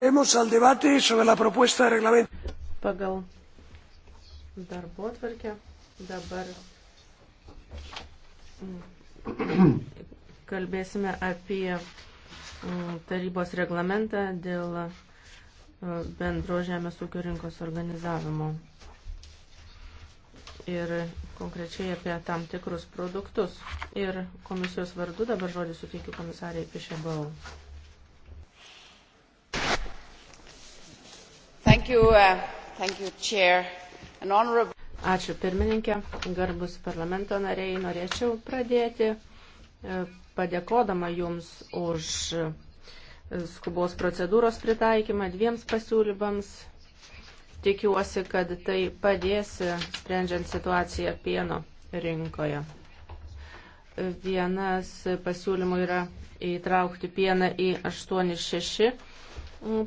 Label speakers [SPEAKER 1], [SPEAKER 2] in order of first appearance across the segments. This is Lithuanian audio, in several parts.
[SPEAKER 1] Pagal
[SPEAKER 2] darbo atvarkę dabar mm, kalbėsime apie mm, tarybos reglamentą dėl e, bendro žemės ūkio rinkos organizavimo ir konkrečiai apie tam tikrus produktus. Ir komisijos vardu dabar žodį suteikiu komisariai Pišėbau. You, uh, you, honorable... Ačiū pirmininkė, garbus parlamento nariai, norėčiau pradėti e, padėkodama Jums už e, skubos procedūros pritaikymą dviems pasiūlymams. Tikiuosi, kad tai padės sprendžiant situaciją pieno rinkoje. Vienas pasiūlymų yra įtraukti pieną į 86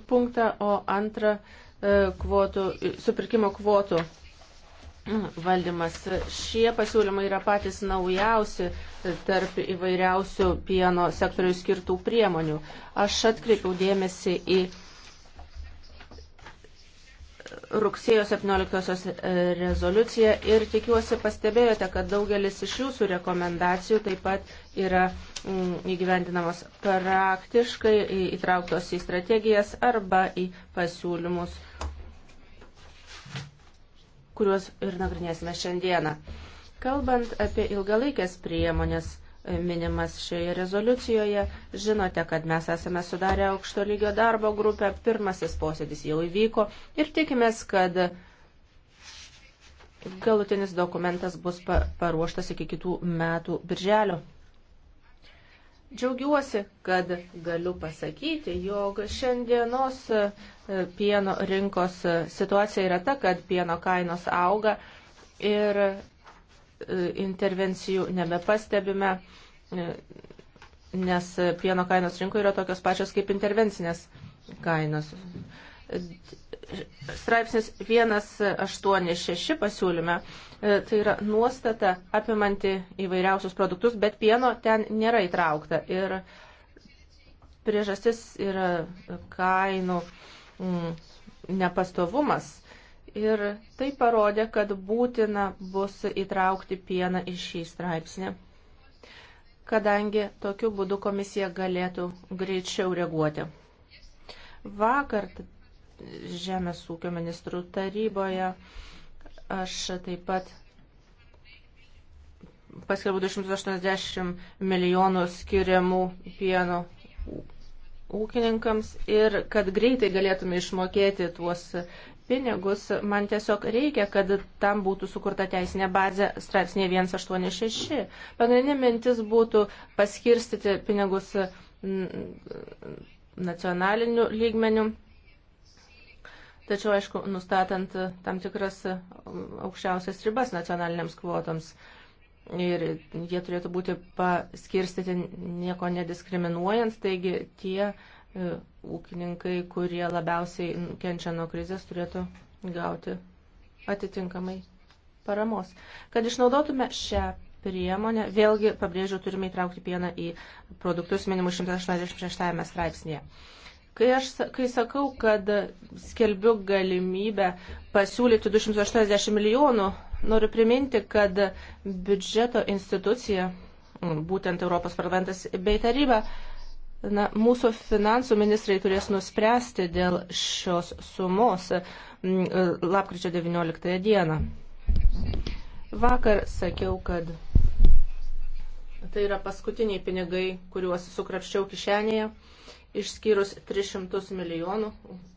[SPEAKER 2] punktą, o antrą E, kvotų, supirkimo kvotų valdymas. Šie pasiūlymai yra patys naujausi tarp įvairiausių pieno sektoriui skirtų priemonių. Aš atkreipiau dėmesį į rugsėjo 17 e, rezoliuciją ir tikiuosi pastebėjote, kad daugelis iš jūsų rekomendacijų taip pat yra Mm, įgyvendinamos praktiškai, įtrauktos į strategijas arba į pasiūlymus, kuriuos ir nagrinėsime šiandieną. Kalbant apie ilgalaikės priemonės e, minimas šioje rezoliucijoje, žinote, kad mes esame sudarę aukšto lygio darbo grupę, pirmasis posėdis jau įvyko ir tikimės, kad galutinis dokumentas bus paruoštas iki kitų metų birželio. Džiaugiuosi, kad galiu pasakyti, jog šiandienos e, pieno rinkos e, situacija yra ta, kad pieno kainos auga ir e, intervencijų nebepastebime, nes pieno kainos rinkoje yra tokios pačios kaip intervencinės kainos straipsnis 186 pasiūlyme, e, tai yra nuostata apimanti įvairiausius produktus, bet pieno ten nėra įtraukta. Ir priežastis yra kainų mm, nepastovumas. Ir tai parodė, kad būtina bus įtraukti pieną į šį straipsnį, kadangi tokiu būdu komisija galėtų greičiau reaguoti. Vakar Žemės ūkio ministrų taryboje. Aš taip pat paskelbų 280 milijonų skiriamų pieno ūkininkams ir kad greitai galėtume išmokėti tuos pinigus, man tiesiog reikia, kad tam būtų sukurta teisinė bazė straipsnė 186. Pagrindinė mintis būtų paskirstyti pinigus nacionaliniu lygmeniu tačiau, aišku, nustatant tam tikras e, aukščiausias ribas nacionaliniams kvotoms. Ir jie turėtų būti paskirstyti nieko nediskriminuojant, taigi tie e, ūkininkai, kurie labiausiai kenčia nuo krizės, turėtų gauti atitinkamai paramos. Kad išnaudotume šią priemonę, vėlgi, pabrėžiu, turime įtraukti pieną į produktus minimus 186 straipsnėje. Kai aš kai sakau, kad skelbiu galimybę pasiūlyti 280 milijonų, noriu priminti, kad biudžeto institucija, būtent Europos parlamentas bei taryba, na, mūsų finansų ministrai turės nuspręsti dėl šios sumos lapkričio 19 dieną. Vakar sakiau, kad tai yra paskutiniai pinigai, kuriuos sukrapščiau kišenėje išskyrus 300 milijonų,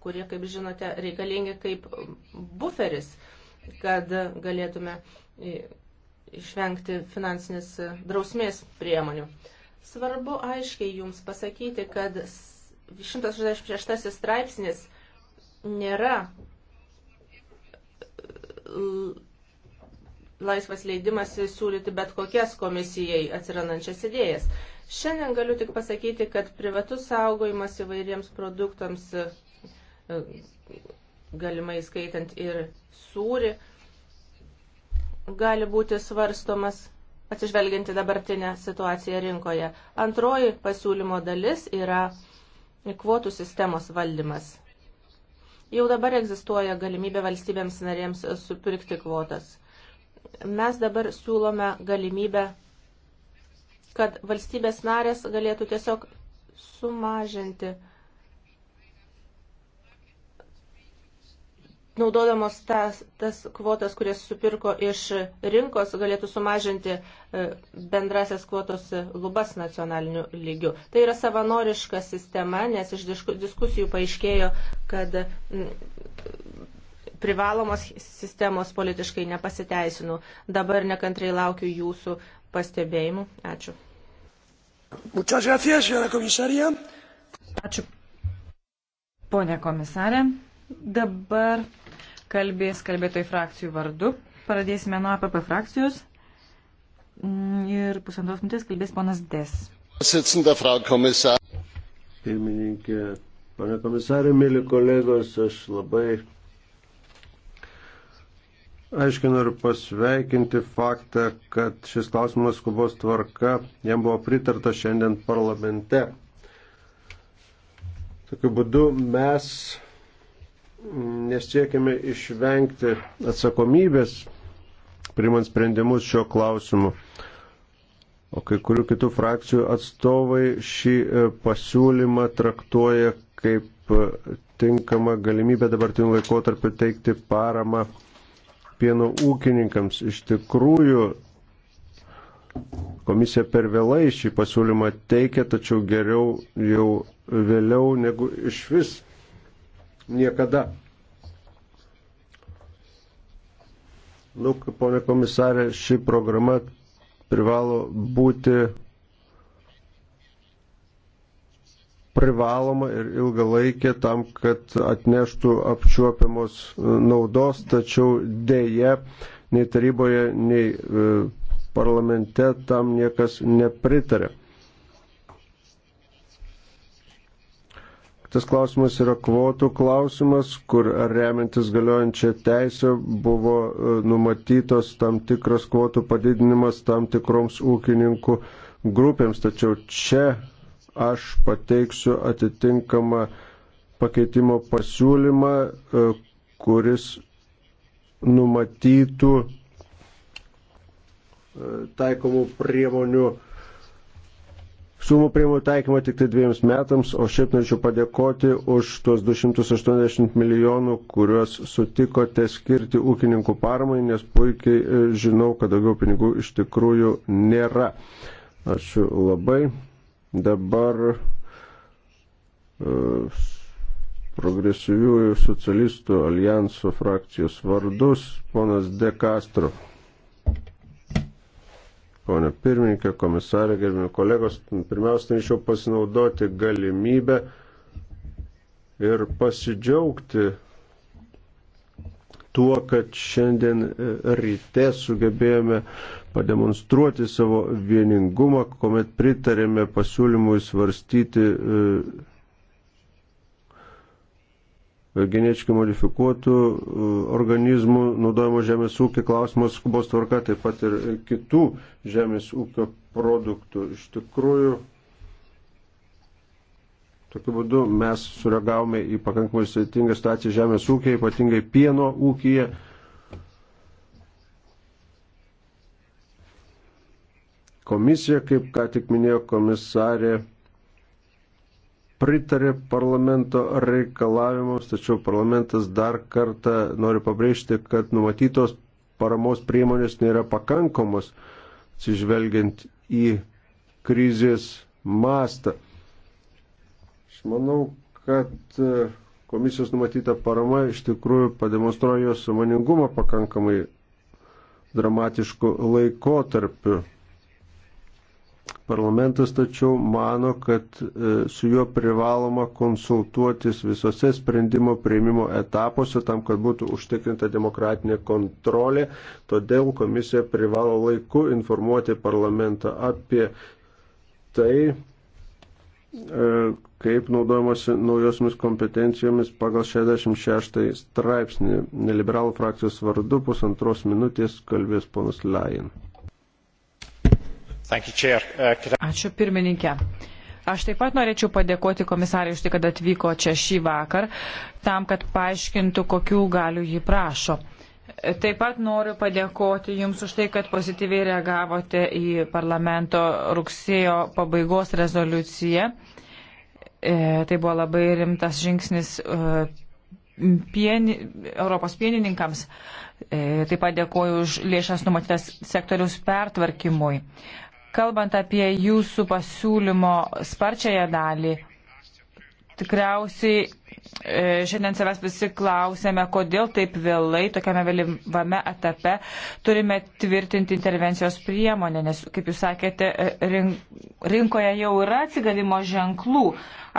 [SPEAKER 2] kurie, kaip žinote, reikalingi kaip buferis, kad galėtume išvengti finansinės drausmės priemonių. Svarbu aiškiai jums pasakyti, kad 166 straipsnis nėra e, laisvas leidimas siūlyti bet kokias komisijai atsirandančias idėjas. Šiandien galiu tik pasakyti, kad privatus saugojimas įvairiems produktams, e, galimai skaitant ir sūri, gali būti svarstomas atsižvelginti dabartinę situaciją rinkoje. Antroji pasiūlymo dalis yra kvotų sistemos valdymas. Jau dabar egzistuoja galimybė valstybėms narėms supirkti kvotas. Mes dabar siūlome galimybę kad valstybės narės galėtų tiesiog sumažinti, naudodamos tas, tas kvotas, kurias supirko iš rinkos, galėtų sumažinti e, bendrasias kvotos lubas nacionaliniu lygiu. Tai yra savanoriška sistema, nes iš diskusijų paaiškėjo, kad mm, privalomos sistemos politiškai nepasiteisinu. Dabar nekantrai laukiu jūsų pastebėjimų. Ačiū.
[SPEAKER 3] Muchas gracias, señora komisarija. Ačiū. Pone komisarė, dabar kalbės kalbėtojų frakcijų vardu. Pradėsime nuo APP frakcijos. Mm, ir pusantros minutės kalbės ponas Des.
[SPEAKER 4] Pirmininkė, pane komisarė, mėly kolegos, aš labai Aiškiai noriu pasveikinti faktą, kad šis klausimas skubos tvarka jam buvo pritarta šiandien parlamente. Tokiu būdu mes nesiekime išvengti atsakomybės, primant sprendimus šio klausimu. O kai kurių kitų frakcijų atstovai šį e, pasiūlymą traktuoja kaip e, tinkama galimybė dabartiniu laikotarpiu teikti paramą pieno ūkininkams. Iš tikrųjų, komisija per vėlai šį pasiūlymą teikia, tačiau geriau jau vėliau negu iš vis niekada. Nu, ponė komisarė, ši programa privalo būti privaloma ir ilgalaikė tam, kad atneštų apčiuopiamos e, naudos, tačiau dėje nei taryboje, nei e, parlamente tam niekas nepritarė. Tas klausimas yra kvotų klausimas, kur remiantis galiojančią teisę buvo e, numatytos tam tikras kvotų padidinimas tam tikroms ūkininkų grupėms. Tačiau čia aš pateiksiu atitinkamą pakeitimo pasiūlymą, e, kuris numatytų e, taikomų priemonių, sumų priemonių taikymą tik tai dviems metams, o šiaip norėčiau padėkoti už tuos 280 milijonų, kuriuos sutikote skirti ūkininkų paramai, nes puikiai e, žinau, kad daugiau pinigų iš tikrųjų nėra. Ačiū labai. Dabar e, progresyviųjų socialistų alijanso frakcijos vardus ponas De Castro. Pone pirmininkė, komisarė, gerbimi kolegos, pirmiausia, norėčiau pasinaudoti galimybę ir pasidžiaugti tuo, kad šiandien e, ryte sugebėjome pademonstruoti savo vieningumą, kuomet pritarėme pasiūlymui svarstyti e, genetiškai modifikuotų e, organizmų naudojimo žemės ūkio klausimas skubos tvarka, taip pat ir kitų žemės ūkio produktų. Iš tikrųjų, Tokiu būdu mes sureagavome į pakankamai sudėtingą situaciją žemės ūkėje, ypatingai pieno ūkėje. Komisija, kaip ką tik minėjo komisarė, pritarė parlamento reikalavimams, tačiau parlamentas dar kartą nori pabrėžti, kad numatytos paramos priemonės nėra pakankamos, atsižvelgiant į krizės mastą. Aš manau, kad e, komisijos numatyta parama iš tikrųjų pademonstruoja jos samoningumą pakankamai dramatišku laikotarpiu. Parlamentas tačiau mano, kad e, su juo privaloma konsultuotis visose sprendimo prieimimo etapuose tam, kad būtų užtikrinta demokratinė kontrolė. Todėl komisija privalo laiku informuoti parlamentą apie tai, E, kaip naudojamasi naujosiamis kompetencijomis pagal 66 straipsnį. Liberalų frakcijos vardu pusantros minutės kalbės ponas Lajan. Uh,
[SPEAKER 3] Ačiū pirmininkė. Aš taip pat norėčiau padėkoti komisarai už tai, kad atvyko čia šį vakar, tam, kad paaiškintų, kokių galių jį prašo. Taip pat noriu padėkoti Jums už tai, kad pozityviai reagavote į parlamento rugsėjo pabaigos rezoliuciją. E, tai buvo labai rimtas žingsnis e, pieni, Europos pienininkams. E, taip pat dėkoju už lėšas numatytas sektoriaus pertvarkymui. Kalbant apie Jūsų pasiūlymo sparčiąją dalį, tikriausiai E, šiandien savęs visi klausėme, kodėl taip vėlai, tokiame vėlyvame etape turime tvirtinti intervencijos priemonę, nes, kaip jūs sakėte, e, rinkoje jau yra atsigavimo ženklų.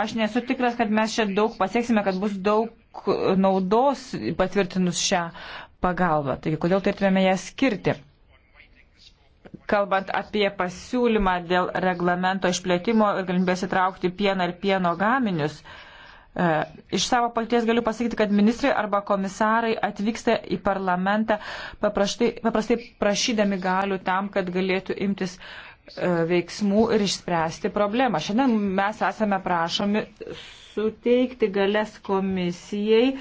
[SPEAKER 3] Aš nesu tikras, kad mes čia daug pasieksime, kad bus daug naudos patvirtinus šią pagalbą. Taigi, kodėl turėtume ją skirti? Kalbant apie pasiūlymą dėl reglamento išplėtimo ir galimybės įtraukti pieną ir pieno gaminius, uh, E, iš savo palties galiu pasakyti, kad ministrai arba komisarai atvyksta į parlamentą paprastai, paprastai prašydami galių tam, kad galėtų imtis e, veiksmų ir išspręsti problemą. Šiandien mes esame prašomi suteikti galės komisijai,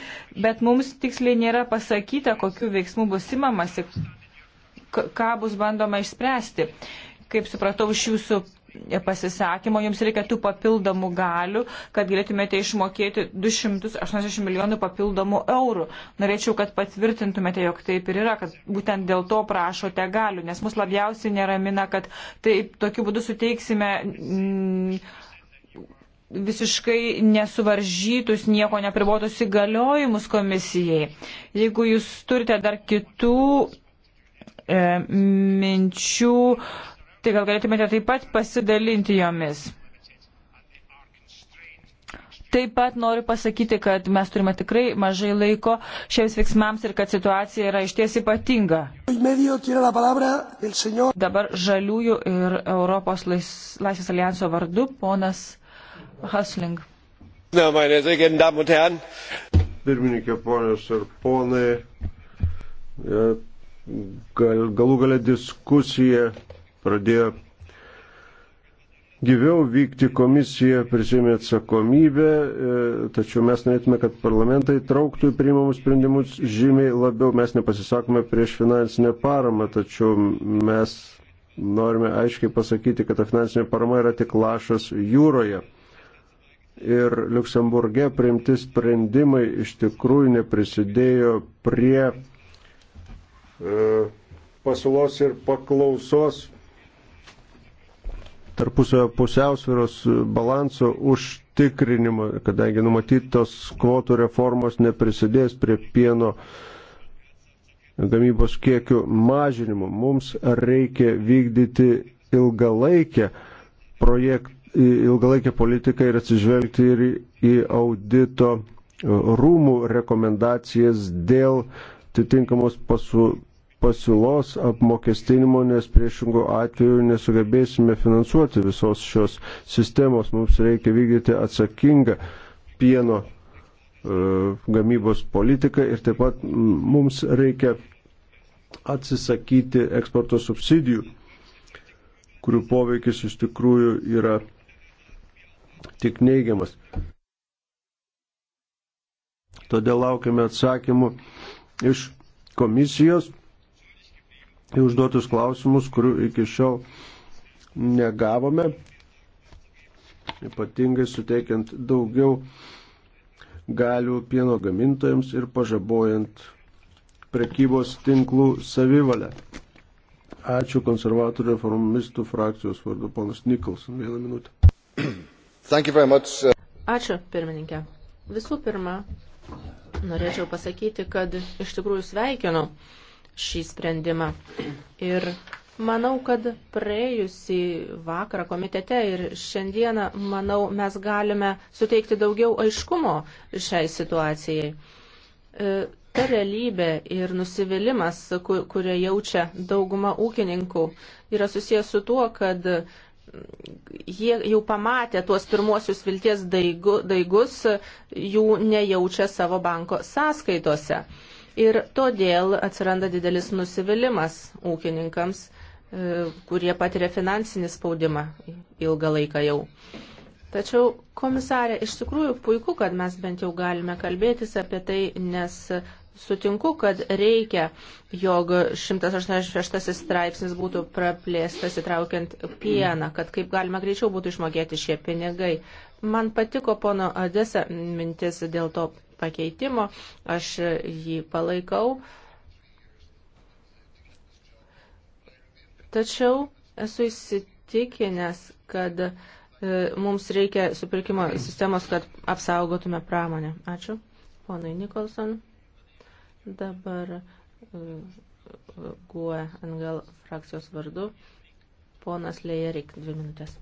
[SPEAKER 3] bet mums tiksliai nėra pasakyta, kokiu veiksmu bus imamasi, ką bus bandoma išspręsti. Kaip supratau iš jūsų pasisakymo, jums reikia tų papildomų galių, kad galėtumėte išmokėti 280 milijonų papildomų eurų. Norėčiau, kad patvirtintumėte, jog taip ir yra, kad būtent dėl to prašote galių, nes mus labiausiai neramina, kad taip tokiu būdu suteiksime. Mm, visiškai nesuvaržytus, nieko nepribotus įgaliojimus komisijai. Jeigu jūs turite dar kitų e, minčių, e, Tai gal galėtumėte taip pat pasidalinti jomis. Taip pat noriu pasakyti, kad mes turime tikrai mažai laiko šiems veiksmams ir kad situacija yra išties ypatinga. Dabar žaliųjų ir Europos lais, Laisvės alijanso vardu ponas Hasling.
[SPEAKER 4] Pirmininkė, ponės ir ponai, e, gal, galų galę diskusija pradėjo gyviau vykti komisija, prisėmė atsakomybę, e, tačiau mes norėtume, kad parlamentai trauktų į priimamus sprendimus žymiai labiau. Mes nepasisakome prieš finansinę paramą, tačiau mes norime aiškiai pasakyti, kad ta finansinė parama yra tik lašas jūroje. Ir Luksemburge priimti sprendimai iš tikrųjų neprisidėjo prie e, pasiūlos ir paklausos tarpusio pusiausvėros balanso užtikrinimo, kadangi numatytos kvotų reformos neprisidės prie pieno gamybos kiekių mažinimo. Mums reikia vykdyti ilgalaikę, projekt, ilgalaikę politiką ir atsižvelgti ir į audito rūmų rekomendacijas dėl atitinkamos pasu, pasiūlos apmokestinimo, nes priešingų atveju nesugebėsime finansuoti visos šios sistemos. Mums reikia vykdyti atsakingą pieno e, gamybos politiką ir taip pat mums reikia atsisakyti eksporto subsidijų, kurių poveikis iš tikrųjų yra tik neigiamas. Todėl laukime atsakymų iš komisijos į užduotus klausimus, kurių iki šiol negavome, ypatingai suteikiant daugiau galių pieno gamintojams ir pažabojant prekybos tinklų savivalę. Ačiū konservatorių reformistų frakcijos vardu, ponas Nikolson, vieną minutę. Uh,
[SPEAKER 2] Ačiū, pirmininkė. Visų pirma, norėčiau pasakyti, kad iš tikrųjų sveikinu šį sprendimą. Ir manau, kad praėjusį vakarą komitete ir šiandieną, manau, mes galime suteikti daugiau aiškumo šiai situacijai. E, ta realybė ir nusivylimas, kurie jaučia dauguma ūkininkų, yra susijęs su tuo, kad jie jau pamatė tuos pirmuosius vilties daigu, daigus, jų nejaučia savo banko sąskaitose ir todėl atsiranda didelis nusivylimas ūkininkams, e, kurie patiria finansinį spaudimą ilgą laiką jau. Tačiau, komisarė, iš tikrųjų puiku, kad mes bent jau galime kalbėtis apie tai, nes sutinku, kad reikia, jog 186 straipsnis būtų praplėstas įtraukiant pieną, kad kaip galima greičiau būtų išmokėti šie pinigai. Man patiko pono Adesa mintis dėl to pakeitimo, aš jį palaikau. Tačiau esu įsitikinęs, kad e, mums reikia supirkimo sistemos, kad apsaugotume pramonę. Ačiū. Ponai Nikolson. Dabar e, guoja NGL frakcijos vardu. Ponas Lejerik, dvi minutės.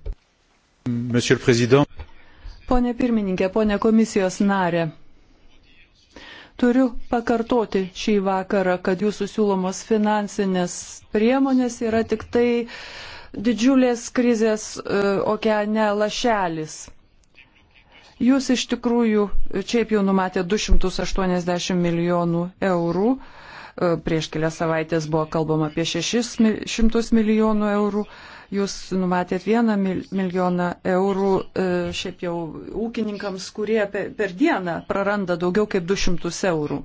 [SPEAKER 1] Pone pirmininkė, pone komisijos narė. Turiu pakartoti šį vakarą, kad jūsų siūlomos finansinės priemonės yra tik tai didžiulės krizės e, okeane lašelis. Jūs iš tikrųjų čia jau numatė 280 milijonų eurų e, prieš kelias savaitės buvo kalbama apie 600 milijonų eurų, Jūs numatėt vieną milijoną eurų e, šiaip jau ūkininkams, kurie per dieną praranda daugiau kaip 200 eurų.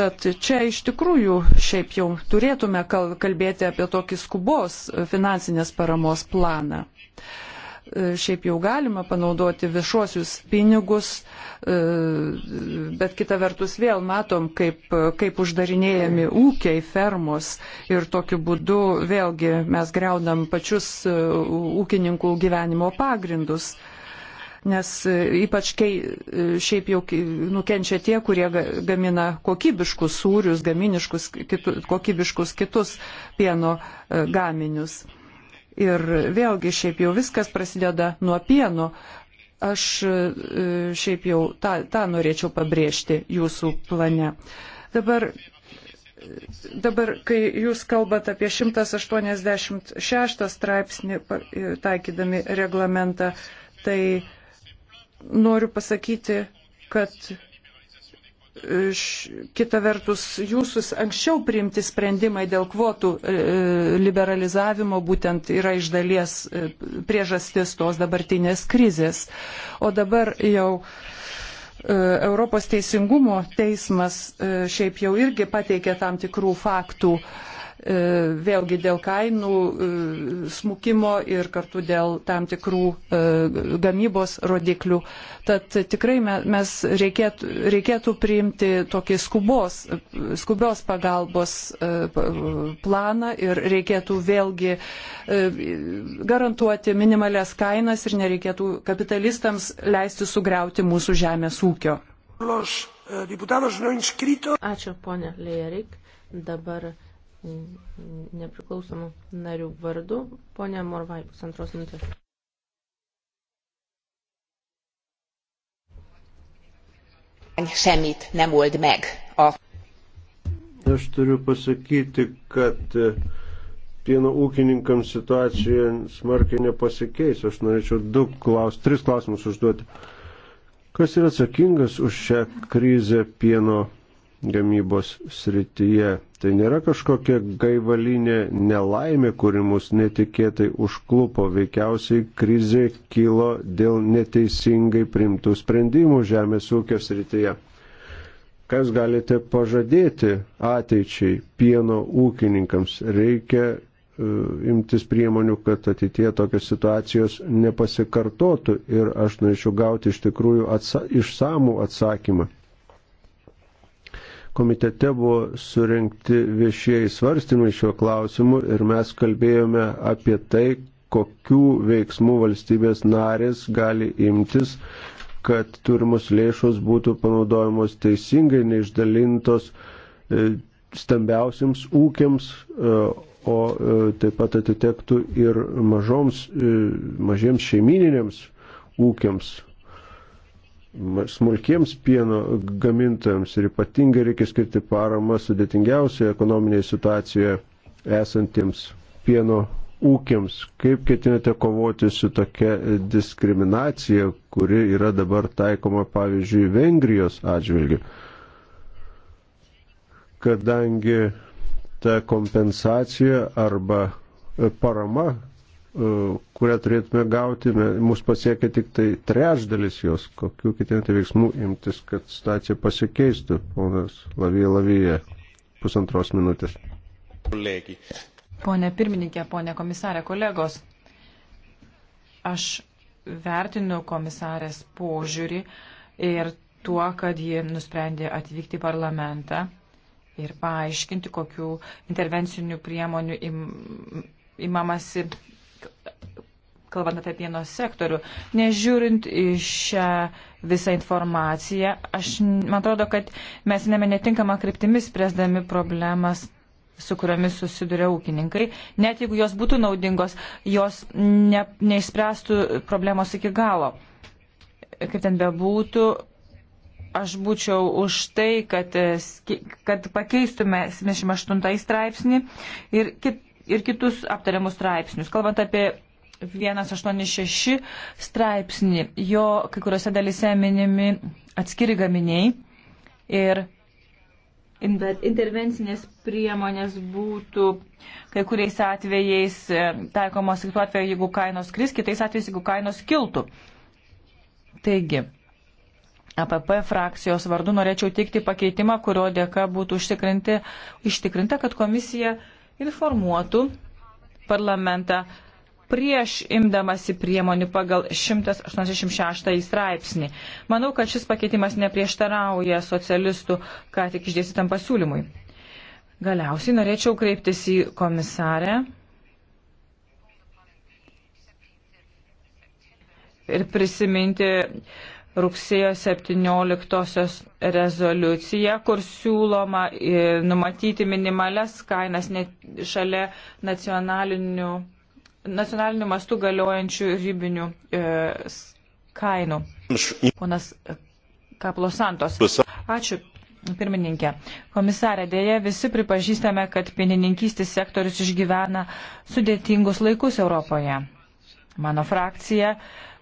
[SPEAKER 1] Tad čia iš tikrųjų šiaip jau turėtume kalbėti apie tokį skubos finansinės paramos planą. Uh, E, šiaip jau galima panaudoti viešuosius pinigus, e, bet kita vertus vėl matom, kaip, kaip uždarinėjami ūkiai, fermos ir tokiu būdu vėlgi mes greunam pačius e, ūkininkų gyvenimo pagrindus nes ypač kai šiaip jau nukenčia tie, kurie gamina kokybiškus sūrius, gaminiškus, kitu, kokybiškus kitus pieno gaminius. Ir vėlgi šiaip jau viskas prasideda nuo pieno. Aš e, šiaip jau tą, tą norėčiau pabrėžti jūsų plane. Dabar, dabar, kai jūs kalbat apie 186 straipsnį e, taikydami reglamentą, tai noriu pasakyti, kad kita vertus, jūsų anksčiau priimti sprendimai dėl kvotų e, e, liberalizavimo būtent yra iš dalies e, priežastis tos dabartinės krizės. O dabar jau Europos teisingumo teismas šiaip jau irgi pateikė tam tikrų faktų E, vėlgi dėl kainų e, smukimo ir kartu dėl tam tikrų e, gamybos rodiklių. Tad tikrai mes reikėtų, reikėtų priimti tokį skubos, skubios pagalbos planą ir reikėtų vėlgi garantuoti minimalias kainas ir nereikėtų kapitalistams leisti sugriauti mūsų žemės ūkio.
[SPEAKER 2] Ačiū, ponė Lejerik. Dabar nepriklausomų narių vardu. Pone Morvai, pusantros minutės. Semmit nem old meg. A...
[SPEAKER 4] Aš turiu pasakyti, kad e, pieno ūkininkams situacija smarkiai nepasikeis. Aš norėčiau du klaus, tris klausimus užduoti. Kas yra atsakingas už šią krizę pieno gamybos srityje. Tai nėra kažkokia gaivalinė nelaimė, kuri mus netikėtai užklupo. Veikiausiai krizė kilo dėl neteisingai primtų sprendimų žemės ūkio srityje. Ką jūs galite pažadėti ateičiai pieno ūkininkams? Reikia e, imtis priemonių, kad ateitie tokios situacijos nepasikartotų ir aš norėčiau gauti iš tikrųjų atsa išsamų atsakymą komitete buvo surinkti viešieji svarstymai šiuo klausimu ir mes kalbėjome apie tai, kokių veiksmų valstybės narės gali imtis, kad turimos lėšos būtų panaudojamos teisingai, neišdalintos e, stambiausiams ūkiams, e, o e, taip pat atitektų ir mažoms, mažiems šeimininėms ūkiams smulkiems pieno gamintojams ir ypatingai reikia skirti paramą sudėtingiausioje ekonominėje situacijoje esantiems pieno ūkiams. Kaip ketinate kovoti su tokia diskriminacija, kuri yra dabar taikoma pavyzdžiui Vengrijos atžvilgiu? Kadangi ta kompensacija arba parama E, kurią turėtume gauti, mūsų pasiekia tik tai trečdalis jos, kokiu kitiems veiksmų imtis, kad situacija pasikeistų, ponas Lavija Lavija, pusantros minutės.
[SPEAKER 3] Pone pirmininkė, pone komisarė, kolegos, aš vertinu komisarės požiūrį ir tuo, kad ji nusprendė atvykti į parlamentą ir paaiškinti, kokiu intervencinių priemonių im, imamasi kalbant apie pieno sektorių, nežiūrint į šią visą informaciją, aš, man atrodo, kad mes neme netinkamą kryptimį spręsdami problemas su kuriomis susiduria ūkininkai, net jeigu jos būtų naudingos, jos ne, neišspręstų problemos iki galo. Kaip ten bebūtų, aš būčiau už tai, kad, kad pakeistume 78 straipsnį ir kit, ir kitus aptariamus straipsnius. Kalbant apie 186 straipsnį, jo kai kuriuose dalise minimi atskiri gaminiai ir intervencinės priemonės būtų kai kuriais atvejais e, taikomos kitų atveju, jeigu kainos kris, kitais atvejais, jeigu kainos kiltų. Taigi, APP frakcijos vardu norėčiau teikti pakeitimą, kurio dėka būtų užtikrinta, kad komisija informuotų parlamentą prieš imdamasi priemonių pagal 186 straipsnį. Manau, kad šis pakeitimas neprieštarauja socialistų ką tik išdėstytam pasiūlymui. Galiausiai norėčiau kreiptis į komisarę ir prisiminti rugsėjo 17 rezoliuciją, kur siūloma e, numatyti minimales kainas šalia nacionalinių, nacionalinių mastų galiojančių ribinių e, kainų. Ponas Kaplosantos. Ačiū. Pirmininkė, komisarė, dėja visi pripažįstame, kad pienininkystės sektorius išgyvena sudėtingus laikus Europoje. Mano frakcija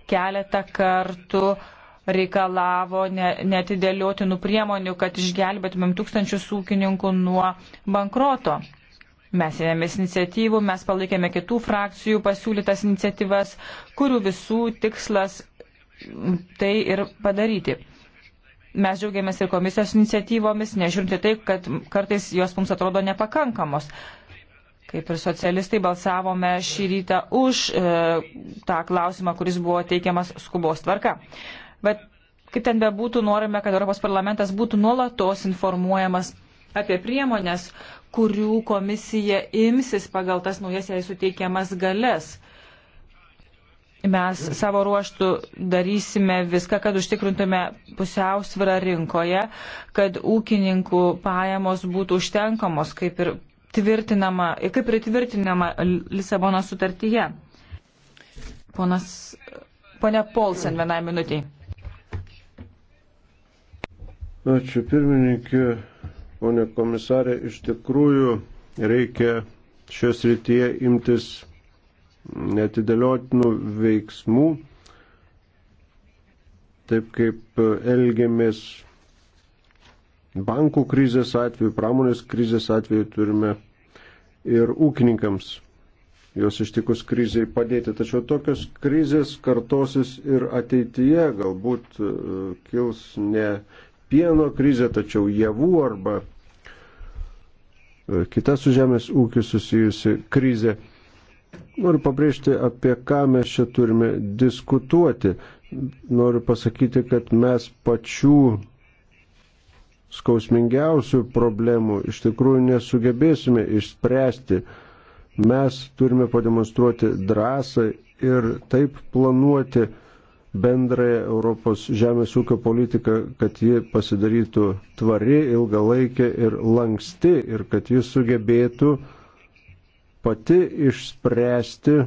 [SPEAKER 3] keletą kartų uh, reikalavo netidėliotinų priemonių, kad išgelbėtumėm tūkstančius ūkininkų nuo bankroto. Mes ėmėmės iniciatyvų, mes palaikėme kitų frakcijų pasiūlytas iniciatyvas, kurių visų tikslas tai ir padaryti. Mes džiaugiamės ir komisijos iniciatyvomis, nežiūrinti taip, kad kartais jos mums atrodo nepakankamos. Kaip ir socialistai balsavome šį rytą už e, tą klausimą, kuris buvo teikiamas skubos tvarka. E, Bet kaip ten bebūtų, norime, kad Europos parlamentas būtų nuolatos informuojamas apie priemonės, kurių komisija imsis pagal tas naujas jai suteikiamas galės. Mes savo ruoštų darysime viską, kad užtikrintume pusiausvyrą rinkoje, kad ūkininkų pajamos būtų užtenkamos, kaip ir, kaip ir tvirtinama Lisabono sutartyje. Ponas, ponia Polsen, vienai minutiai.
[SPEAKER 4] Ačiū pirmininkė, ponė komisarė, iš tikrųjų reikia šios rytyje imtis netidėliotinų veiksmų, taip kaip elgiamės bankų krizės atveju, pramonės krizės atveju turime ir ūkininkams jos ištikus kriziai padėti. Tačiau tokios krizės kartosis ir ateityje, galbūt e, kils ne pieno krizę, tačiau javų arba e, kita su žemės ūkiu susijusi krizė. Noriu pabrėžti, apie ką mes čia turime diskutuoti. Noriu pasakyti, kad mes pačių skausmingiausių problemų iš tikrųjų nesugebėsime išspręsti. Mes turime pademonstruoti drąsą ir taip planuoti bendrąją Europos žemės ūkio politiką, kad ji pasidarytų tvari, ilgalaikė ir lanksti ir kad ji sugebėtų pati išspręsti e,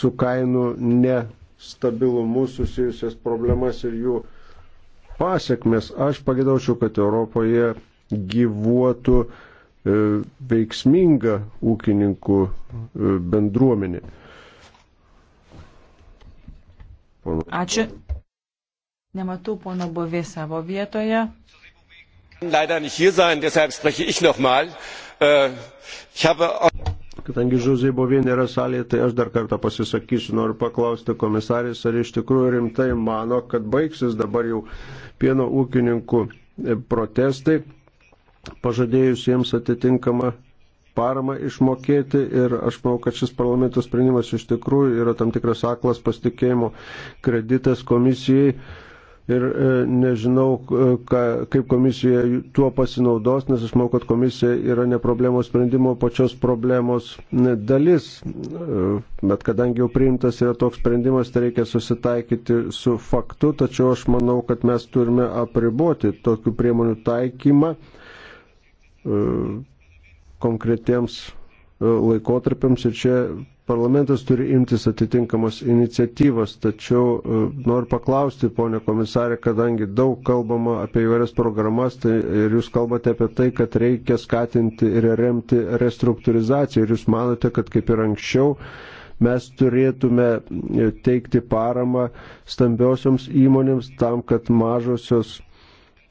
[SPEAKER 4] su kainų nestabilumu susijusias problemas ir jų pasiekmes. Aš pagėdaučiau, kad Europoje gyvuotų e, veiksminga ūkininkų e, bendruomenė.
[SPEAKER 3] Ačiū. Nematau pono Bovė savo vietoje.
[SPEAKER 4] Leider nicht hier sein, deshalb spreche ich nochmal. Äh, ich habe kadangi Žuzai Bovė nėra salėje, tai aš dar kartą pasisakysiu, noriu paklausti komisarės, ar iš tikrųjų rimtai mano, kad baigsis dabar jau pieno ūkininkų protestai, pažadėjusiems atitinkamą paramą išmokėti ir aš manau, kad šis parlamento sprendimas iš tikrųjų yra tam tikras aklas pasitikėjimo kreditas komisijai ir e, nežinau, e, ka, kaip komisija tuo pasinaudos, nes aš manau, kad komisija yra ne problemos sprendimo, pačios problemos dalis. E, bet kadangi jau priimtas yra toks sprendimas, tai reikia susitaikyti su faktu, tačiau aš manau, kad mes turime apriboti tokių priemonių taikymą konkretiems e, laikotarpiams ir čia parlamentas turi imtis atitinkamos iniciatyvos, tačiau e, noriu paklausti, ponė komisarė, kadangi daug kalbama apie įvairias programas, tai ir jūs kalbate apie tai, kad reikia skatinti ir remti restruktūrizaciją, ir jūs manote, kad kaip ir anksčiau mes turėtume e, teikti paramą stambiosioms įmonėms tam, kad mažosios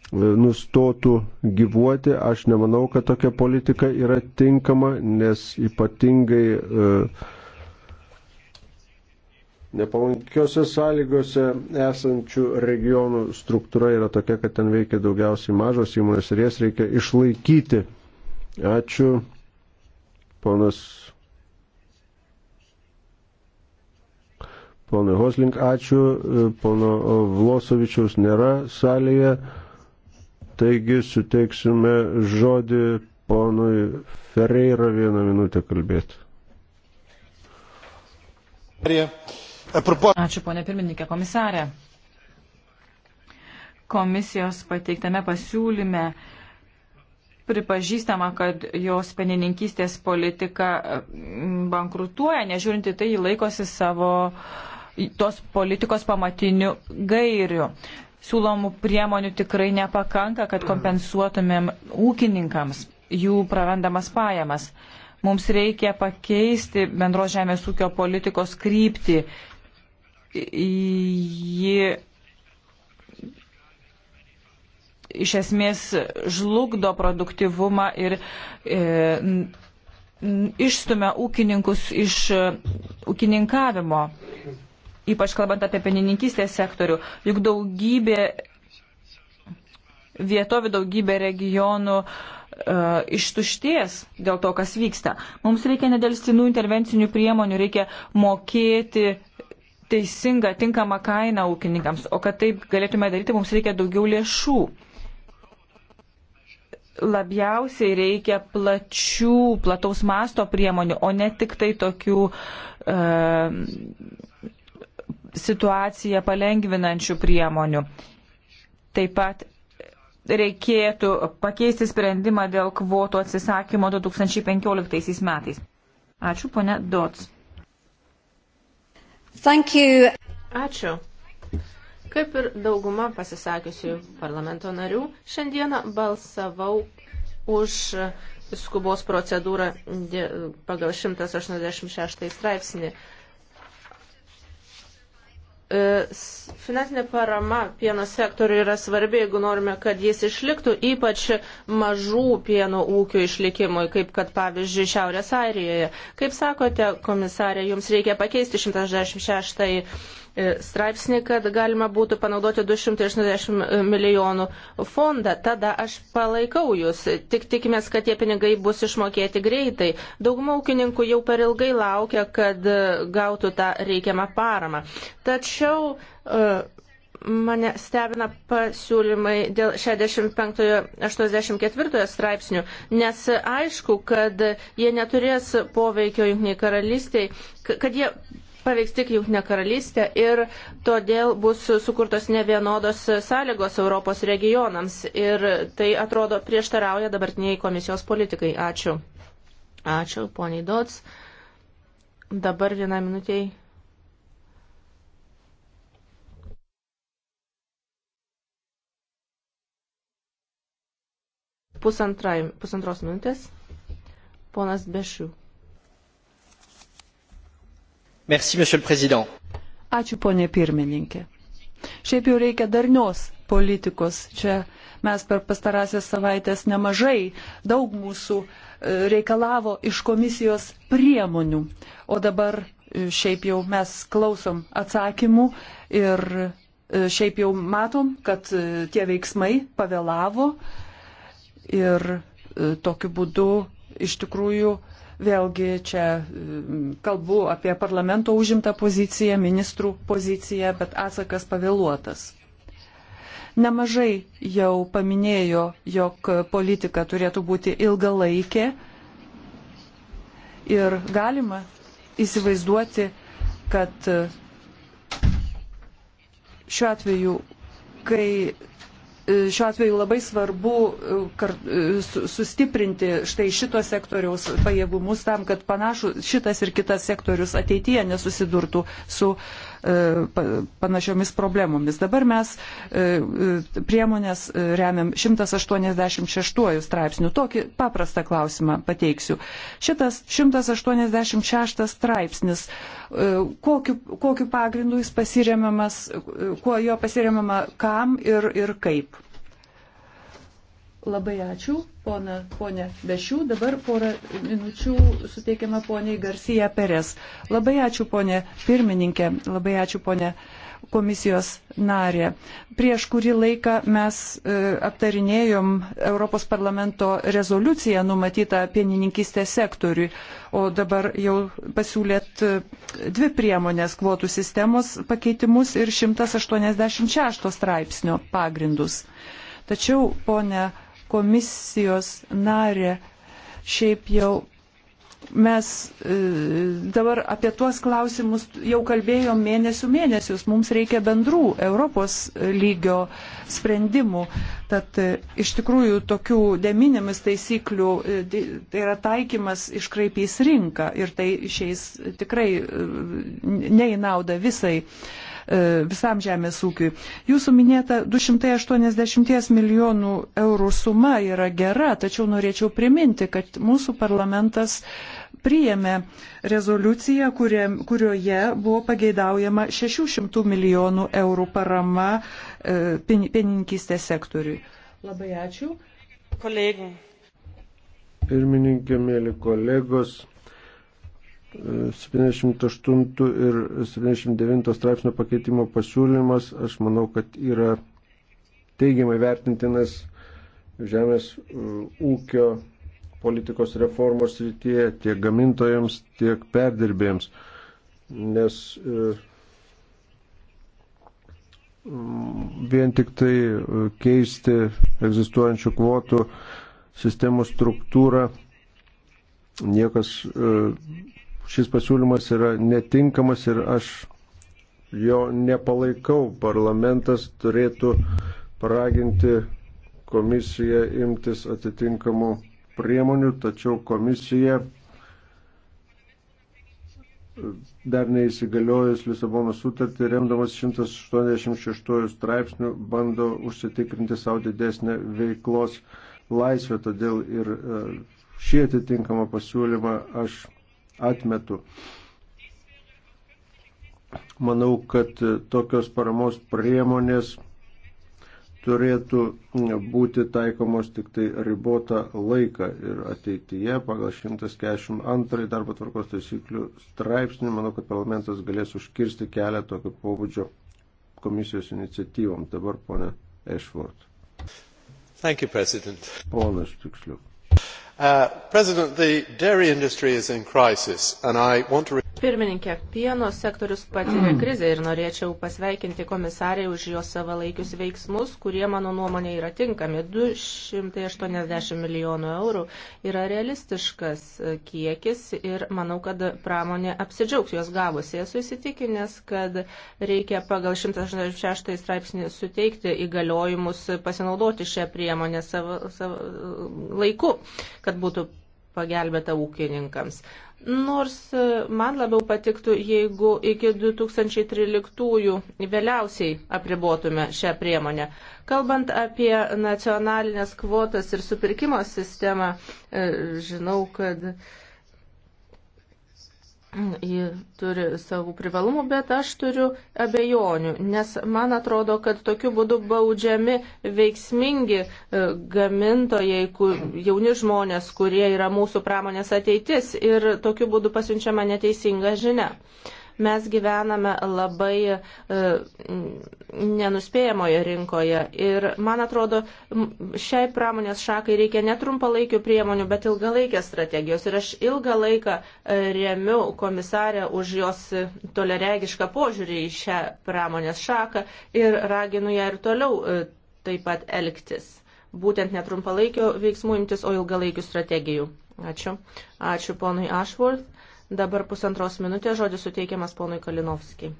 [SPEAKER 4] E, nustotų gyvuoti. Aš nemanau, kad tokia politika yra tinkama, nes ypatingai e, nepalankiose sąlygose esančių regionų struktūra yra tokia, kad ten veikia daugiausiai mažos įmonės ir jas reikia išlaikyti. Ačiū, ponas. Ponai Hoslink, ačiū. E, pono Vlosovičiaus nėra salėje. Taigi suteiksime žodį ponui Ferreira vieną minutę kalbėti.
[SPEAKER 3] Ačiū, ponė pirmininkė, komisarė. Komisijos pateiktame pasiūlyme pripažįstama, kad jos penininkystės politika mm, bankrutuoja, nežiūrinti tai, ji laikosi savo tos politikos pamatinių gairių siūlomų priemonių tikrai nepakanka, kad kompensuotumėm ūkininkams jų prarandamas pajamas. Mums reikia pakeisti bendros žemės ūkio politikos kryptį. Ji iš esmės žlugdo produktivumą ir e, išstumia ūkininkus iš e, ūkininkavimo. E, ypač kalbant apie pienininkystės sektorių, juk daugybė vietovių, daugybė regionų uh, e, ištušties dėl to, kas vyksta. Mums reikia nedelstinų intervencinių priemonių, reikia mokėti teisingą, tinkamą kainą ūkininkams, o kad taip galėtume daryti, mums reikia daugiau lėšų. Labiausiai reikia plačių, plataus masto priemonių, o ne tik tai tokių e, situaciją palengvinančių priemonių. Taip pat reikėtų pakeisti sprendimą dėl kvotų atsisakymo 2015 metais. Ačiū, ponia Dots.
[SPEAKER 2] Ačiū. Kaip ir dauguma pasisakiusių parlamento narių, šiandieną balsavau už skubos procedūrą pagal 186 straipsnį. E, finansinė parama pieno sektoriui yra svarbi, jeigu norime, kad jis išliktų, ypač mažų pieno ūkių išlikimui, kaip kad pavyzdžiui Šiaurės Airijoje. Kaip sakote, komisarė, jums reikia pakeisti 166 E, straipsnį, kad galima būtų panaudoti 280 milijonų fondą. Tada aš palaikau jūs. Tik tikimės, kad tie pinigai bus išmokėti greitai. Dauguma ūkininkų jau per ilgai laukia, kad e, gautų tą reikiamą paramą. Tačiau e, mane stebina pasiūlymai dėl 65-84 straipsnių, nes aišku, kad jie neturės poveikio Junktiniai karalystiai, kad jie paveiks tik Junktinę karalystę ir todėl bus sukurtos nevienodos sąlygos Europos regionams. Ir tai atrodo prieštarauja dabartiniai komisijos politikai. Ačiū. Ačiū, poniai Dots. Dabar vieną minutėjai. pusantros minutės. Ponas Bešiu. Merci, Ačiū,
[SPEAKER 1] ponė pirmininkė. Šiaip jau reikia darnios politikos. Čia mes per pastarąsias savaitės nemažai, daug mūsų e, reikalavo iš komisijos priemonių. O dabar e, šiaip jau mes klausom atsakymų ir e, šiaip jau matom, kad tie veiksmai pavėlavo ir tokiu būdu iš tikrųjų Vėlgi čia kalbu apie parlamento užimtą poziciją, ministrų poziciją, bet atsakas pavėluotas. Nemažai jau paminėjo, jog politika turėtų būti ilgalaikė ir galima įsivaizduoti, kad e, šiuo atveju, kai šiuo atveju labai svarbu e, kar, e, sustiprinti štai šito sektoriaus pajėgumus tam, kad panašu šitas ir kitas sektorius ateityje nesusidurtų su uh, E, panašiomis problemomis. Dabar mes e, e, priemonės remiam 186 straipsnių. Tokį paprastą klausimą pateiksiu. Šitas 186 straipsnis, kokiu, kokiu pagrindu jis pasiremiamas, kuo jo pasiremiama, kam ir, ir kaip. Labai ačiū, pona, ponė Bešių. Dabar porą minučių suteikiama poniai Garcija Perės. Labai ačiū, ponė pirmininkė. Labai ačiū, ponė komisijos narė. Prieš kurį laiką mes e, aptarinėjom Europos parlamento rezoliuciją numatytą pienininkystės sektoriui, o dabar jau pasiūlėt e, dvi priemonės kvotų sistemos pakeitimus ir 186 straipsnio pagrindus. Tačiau, ponė komisijos narė, šiaip jau mes e, dabar apie tuos klausimus jau kalbėjom mėnesių mėnesius, mums reikia bendrų Europos lygio sprendimų. Tad e, iš tikrųjų tokių deminimis taisyklių, e, tai yra taikymas iškraipys rinką ir tai išeis tikrai neįnauda visai E, visam žemės ūkiui. Jūsų minėta 280 milijonų eurų suma yra gera, tačiau norėčiau priminti, kad mūsų parlamentas priėmė rezoliuciją, kurie, kurioje buvo pageidaujama 600 milijonų eurų parama e, pieninkystės sektoriui. Labai ačiū. Kolegų.
[SPEAKER 4] Pirmininkė, mėly kolegos. 78 ir 79 straipsnio pakeitimo pasiūlymas, aš manau, kad yra teigiamai vertintinas žemės uh, ūkio politikos reformos rytyje tiek gamintojams, tiek perdirbėjams, nes uh, vien tik tai uh, keisti egzistuojančių kvotų sistemos struktūrą niekas šis pasiūlymas yra netinkamas ir aš jo nepalaikau. Parlamentas turėtų paraginti komisiją imtis atitinkamų priemonių, tačiau komisija dar neįsigaliojus Lisabono sutartį, remdamas 186 straipsnių, bando užsitikrinti savo didesnę veiklos laisvę, todėl ir e, šį atitinkamą pasiūlymą aš atmetu. Manau, kad tokios paramos priemonės turėtų būti taikomos tik tai ribotą laiką ir ateityje pagal 142 darbo tvarkos taisyklių straipsnį, manau, kad parlamentas galės užkirsti kelią tokio pobūdžio komisijos iniciatyvom. Dabar, ponė Ešvort. Thank you, President. Ponas tiksliau
[SPEAKER 2] mr uh, president the dairy industry is in crisis and i want to. Pirmininkė, pieno sektorius patiria krizę ir norėčiau pasveikinti komisarį už jos savalaikius veiksmus, kurie, mano nuomonė, yra tinkami. 280 milijonų eurų yra realistiškas kiekis ir manau, kad pramonė apsidžiaugs jos gavusi. Esu įsitikinęs, kad reikia pagal 186 straipsnį suteikti įgaliojimus pasinaudoti šią priemonę savo, savo laiku, kad būtų pagelbėta ūkininkams. Nors e, man labiau patiktų, jeigu iki 2013 vėliausiai apribotume šią priemonę. Kalbant apie nacionalinės kvotas ir supirkimo sistemą, e, žinau, kad Ji turi savų privalumų, bet aš turiu abejonių, nes man atrodo, kad tokiu būdu baudžiami veiksmingi e, gamintojai, jauni žmonės, kurie yra mūsų pramonės ateitis ir tokiu būdu pasiunčiama neteisinga žinia. Mes gyvename labai e, nenuspėjamoje rinkoje ir, man atrodo, šiai pramonės šakai reikia netrumpalaikių priemonių, bet ilgalaikės strategijos. Ir aš ilgą laiką e, remiu komisarę už jos toleregišką požiūrį į šią pramonės šaką ir raginu ją ir toliau e, taip pat elgtis būtent netrumpalaikio veiksmų imtis, o ilgalaikių strategijų. Ačiū. Ačiū ponui Ashworth. Dabar pusantros minutės žodis suteikiamas ponui Kalinovskijai.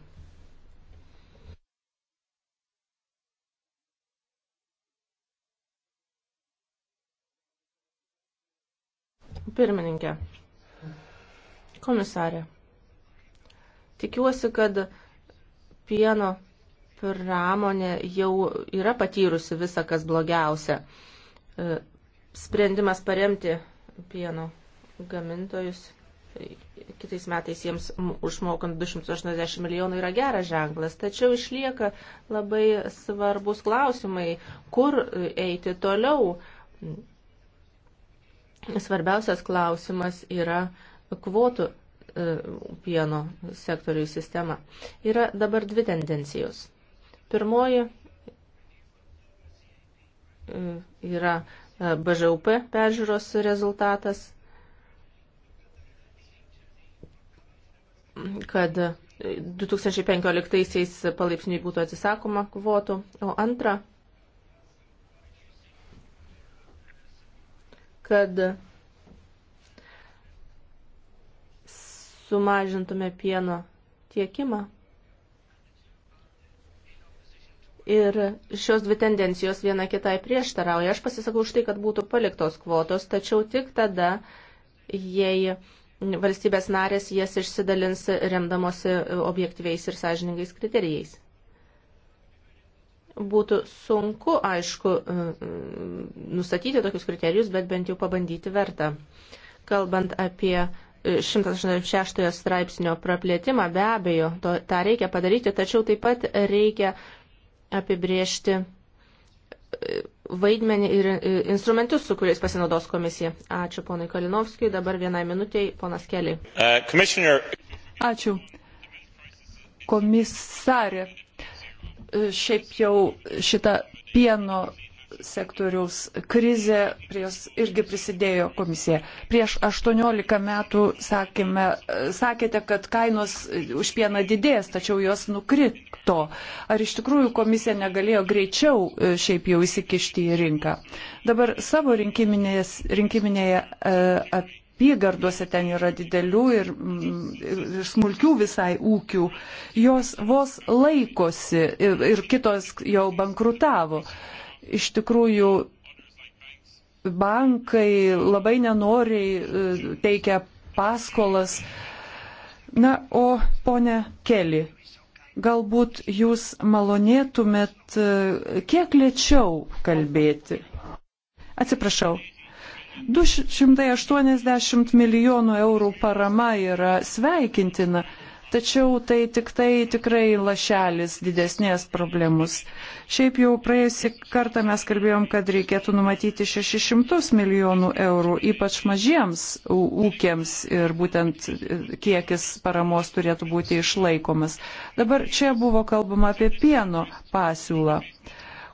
[SPEAKER 2] Pirmininkė, komisarė, tikiuosi, kad pieno pramonė jau yra patyrusi visą, kas blogiausia. E, sprendimas paremti pieno gamintojus kitais metais jiems užmokant 280 milijonų yra geras ženklas, tačiau išlieka labai svarbus klausimai, kur eiti toliau. Svarbiausias klausimas yra kvotų e, pieno sektoriui sistema. Yra dabar dvi tendencijos. Pirmoji e, yra e, BŽUP peržiūros rezultatas kad 2015-aisiais palaipsniui būtų atsisakoma kvotų, o antra, kad sumažintume pieno tiekimą. Ir šios dvi tendencijos viena kitai prieštarauja. Aš pasisakau už tai, kad būtų paliktos kvotos, tačiau tik tada, jei valstybės narės jas išsidalins remdamosi objektyviais ir sąžiningais kriterijais. Būtų sunku, aišku, mm, nustatyti tokius kriterijus, bet bent jau pabandyti verta. Kalbant apie 186 e, straipsnio praplėtimą, be abejo, to, tą reikia padaryti, tačiau taip pat reikia apibriežti vaidmenį ir instrumentus, su kuriais pasinaudos komisija. Ačiū ponai Kalinovskijui, dabar vienai minutiai ponas Keliai.
[SPEAKER 3] Uh, commissioner...
[SPEAKER 2] Ačiū. Komisarė, e, šiaip jau šita
[SPEAKER 1] pieno sektoriaus krizė, prie jos irgi prisidėjo komisija. Prieš 18 metų sakėme, sakėte, kad kainos už pieną didės, tačiau jos nukrito. Ar iš tikrųjų komisija negalėjo greičiau e, šiaip jau įsikišti į rinką? Dabar savo rinkiminėje, rinkiminėje apygarduose ten yra didelių ir, mm, ir smulkių visai ūkių, jos vos laikosi ir, ir kitos jau bankrutavo iš tikrųjų bankai labai nenoriai e, teikia paskolas. Na, o ponė Keli, galbūt jūs malonėtumėt e, kiek lėčiau kalbėti. Atsiprašau. 280 milijonų eurų parama yra sveikintina, Tačiau tai tik tai tikrai lašelis didesnės problemus. Šiaip jau praėjusį kartą mes kalbėjom, kad reikėtų numatyti 600 milijonų eurų, ypač mažiems ūkiams ir būtent e, kiekis paramos turėtų būti išlaikomas. Dabar čia buvo kalbama apie pieno pasiūlą.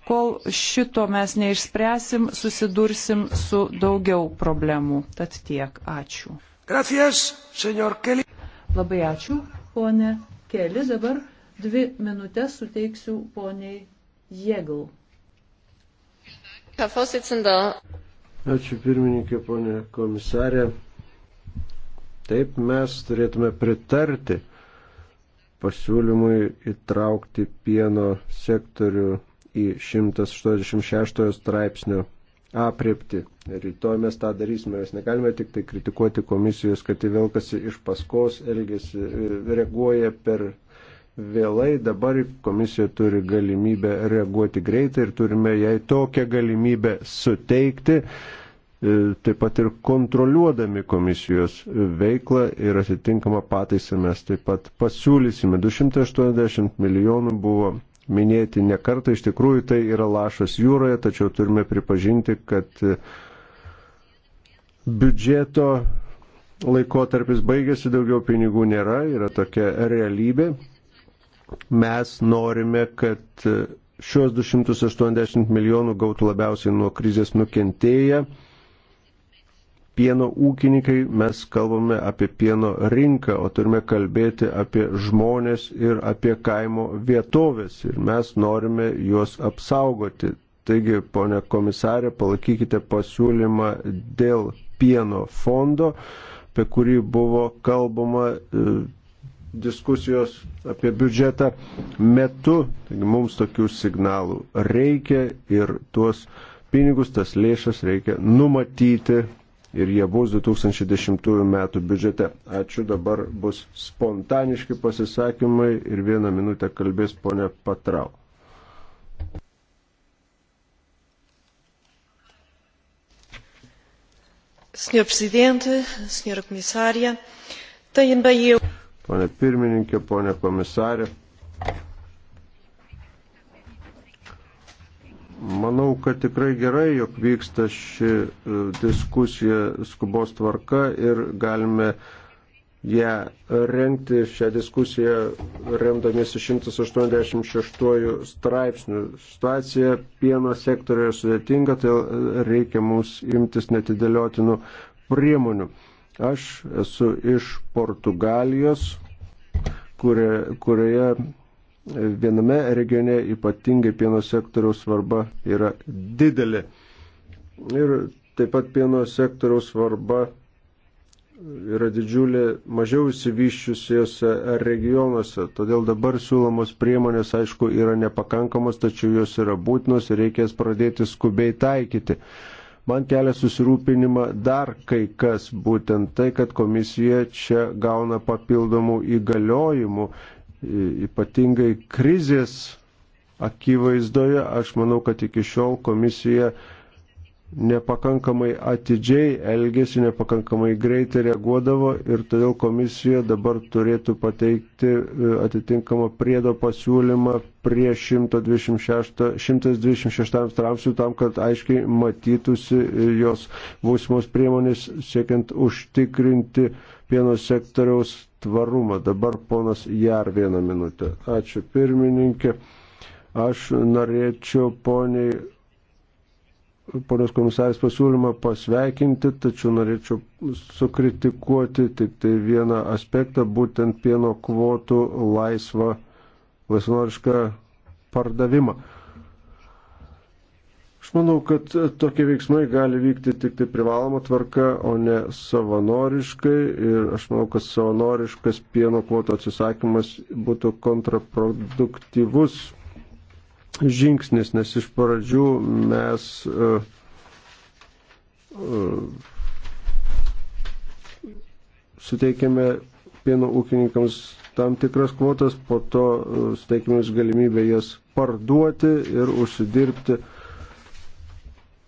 [SPEAKER 1] Kol šito mes neišspręsim, susidursim su daugiau problemų. Tad tiek. Ačiū. Gracias, Labai ačiū ponė Keli. Dabar dvi minutės suteiksiu poniai Jėgal.
[SPEAKER 2] Ačiū
[SPEAKER 4] pirmininkė, ponė komisarė. Taip mes turėtume pritarti pasiūlymui įtraukti pieno sektorių į 186 straipsnio aprepti. Rytoj mes tą darysime, mes negalime tik tai kritikuoti komisijos, kad įvelkasi iš paskos, elgesi, reaguoja per vėlai, dabar komisija turi galimybę reaguoti greitai ir turime jai tokią galimybę suteikti, e, taip pat ir kontroliuodami komisijos veiklą ir atitinkamą pataisą mes taip pat pasiūlysime. 280 milijonų buvo minėti nekartą, iš tikrųjų tai yra lašas jūroje, tačiau turime pripažinti, kad e, biudžeto laikotarpis baigėsi, daugiau pinigų nėra, yra tokia realybė. Mes norime, kad e, šios 280 milijonų gautų labiausiai nuo krizės nukentėję pieno ūkininkai, mes kalbame apie pieno rinką, o turime kalbėti apie žmonės ir apie kaimo vietovės ir mes norime juos apsaugoti. Taigi, ponė komisarė, palaikykite pasiūlymą dėl pieno fondo, apie kurį buvo kalbama e, diskusijos apie biudžetą metu. Taigi mums tokių signalų reikia ir tuos pinigus, tas lėšas reikia numatyti ir jie bus 2010 metų biudžete. Ačiū, dabar bus spontaniški pasisakymai ir vieną minutę kalbės ponė Patrau.
[SPEAKER 1] Senhor Presidente, Senhora Comissária, também eu.
[SPEAKER 4] Pone pirmininkė, pone komisarė. Manau, kad tikrai gerai, jog vyksta ši e, diskusija skubos tvarka ir galime ją renkti šią diskusiją remdamiesi 186 straipsnių. Situacija pieno sektorioje sudėtinga, tai reikia mums imtis netidėliotinų priemonių. Aš esu iš Portugalijos, kurie, kurioje viename regione ypatingai pieno sektoriaus svarba yra didelė. Ir taip pat pieno sektoriaus svarba yra didžiulė mažiau įsivyščiusiuose regionuose. Todėl dabar siūlomos priemonės, aišku, yra nepakankamos, tačiau jos yra būtinos ir reikės pradėti skubiai taikyti. Man kelia susirūpinimą dar kai kas, būtent tai, kad komisija čia gauna papildomų įgaliojimų ypatingai krizės akivaizdoje, aš manau, kad iki šiol komisija nepakankamai atidžiai elgėsi, nepakankamai greitai reaguodavo ir todėl komisija dabar turėtų pateikti e, atitinkamą priedo pasiūlymą prie 126, 126 straipsnių tam, kad aiškiai matytųsi e, jos būsimos priemonės siekiant užtikrinti pieno sektoriaus tvarumą. Dabar ponas Jar vieną minutę. Ačiū pirmininkė. Aš norėčiau poniai, ponios komisarės pasiūlymą pasveikinti, tačiau norėčiau sukritikuoti tik tai vieną aspektą, būtent pieno kvotų laisvą, laisvanorišką pardavimą. Aš manau, kad tokie veiksmai gali vykti tik tai privaloma tvarka, o ne savanoriškai. Ir aš manau, kad savanoriškas pieno kvoto atsisakymas būtų kontraproduktyvus žingsnis, nes iš pradžių mes. Uh, e, e, suteikiame pieno ūkininkams tam tikras kvotas, po to e, suteikime galimybę jas parduoti ir užsidirbti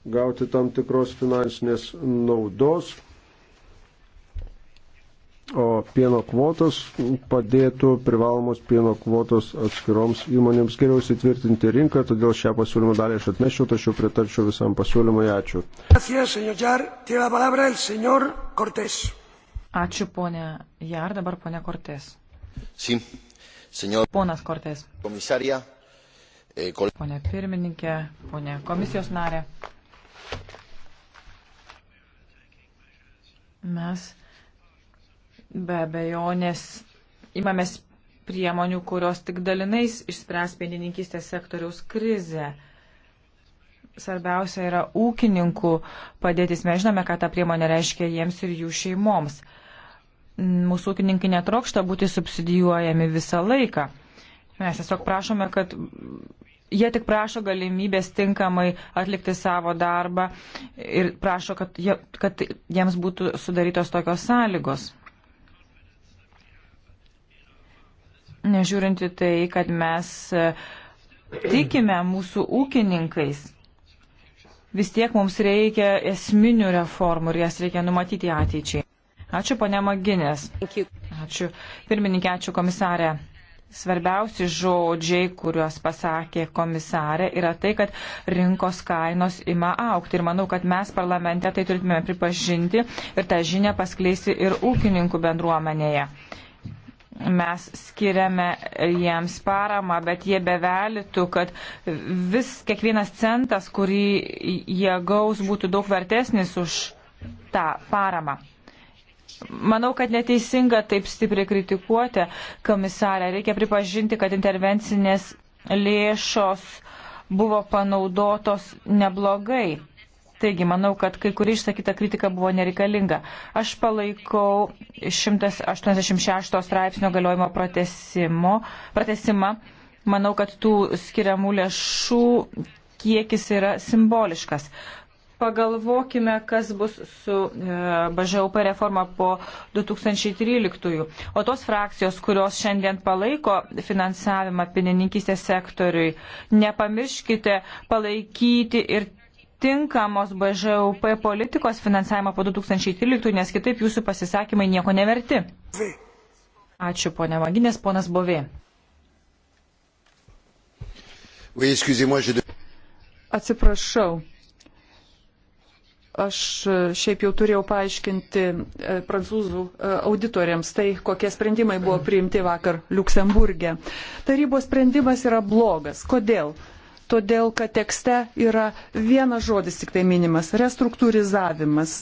[SPEAKER 4] gauti tam tikros finansinės naudos, o pieno kvotos padėtų privalomos pieno kvotos atskiroms įmonėms geriau įsitvirtinti rinką, todėl šią pasiūlymą dalį aš atnešiau, tačiau pritarčiau visam pasiūlymui. Ačiū.
[SPEAKER 3] Ačiū, ponė Jar, dabar ponė Kortės. Sí. Senor... Ponas Kortės. Komisarija. Eh, pone pirmininkė, pone komisijos narė. Mes be abejonės imamės priemonių, kurios tik dalinais išspręs pienininkystės sektoriaus krizę. Svarbiausia yra ūkininkų padėtis. Mes žinome, ką ta priemonė reiškia jiems ir jų šeimoms. Mūsų ūkininkai netrokšta būti subsidijuojami visą laiką. Mes tiesiog prašome, kad jie tik prašo galimybės tinkamai atlikti savo darbą ir prašo, kad, jie, kad jiems būtų sudarytos tokios sąlygos. Nežiūrinti tai, kad mes e, tikime mūsų ūkininkais, vis tiek mums reikia esminių reformų ir jas reikia numatyti ateičiai. Ačiū, ponia Maginės. Ačiū. Pirmininkė, ačiū komisarė svarbiausi žodžiai, kuriuos pasakė komisarė, yra tai, kad rinkos kainos ima aukti. Ir manau, kad mes parlamente tai turėtume pripažinti ir tą žinią paskleisti ir ūkininkų bendruomenėje. Mes skiriame jiems paramą, bet jie bevelytų, kad vis kiekvienas centas, kurį jie gaus, būtų daug vertesnis už tą paramą. Manau, kad neteisinga taip stipriai kritikuoti komisarę. Reikia pripažinti, kad intervencinės lėšos buvo panaudotos neblogai. Taigi, manau, kad kai kuri išsakyta kritika buvo nereikalinga. Aš palaikau 186 straipsnio galiojimo pratesimą. Manau, kad tų skiriamų lėšų kiekis yra simboliškas pagalvokime, kas bus su e, BŽUP reforma po 2013-ųjų. O tos frakcijos, kurios šiandien palaiko finansavimą pinininkystės sektoriui, nepamirškite palaikyti ir tinkamos BŽUP politikos finansavimą po 2013-ųjų, nes kitaip jūsų pasisakymai nieko neverti. Ačiū, ponia Maginės, ponas Bovė.
[SPEAKER 4] Oui,
[SPEAKER 1] Atsiprašau Aš e, šiaip jau turėjau paaiškinti e, prancūzų e, auditoriams tai, kokie sprendimai buvo priimti vakar Luksemburgė. Tarybos sprendimas yra blogas. Kodėl? Todėl, kad tekste yra vienas žodis tik tai minimas - restruktūrizavimas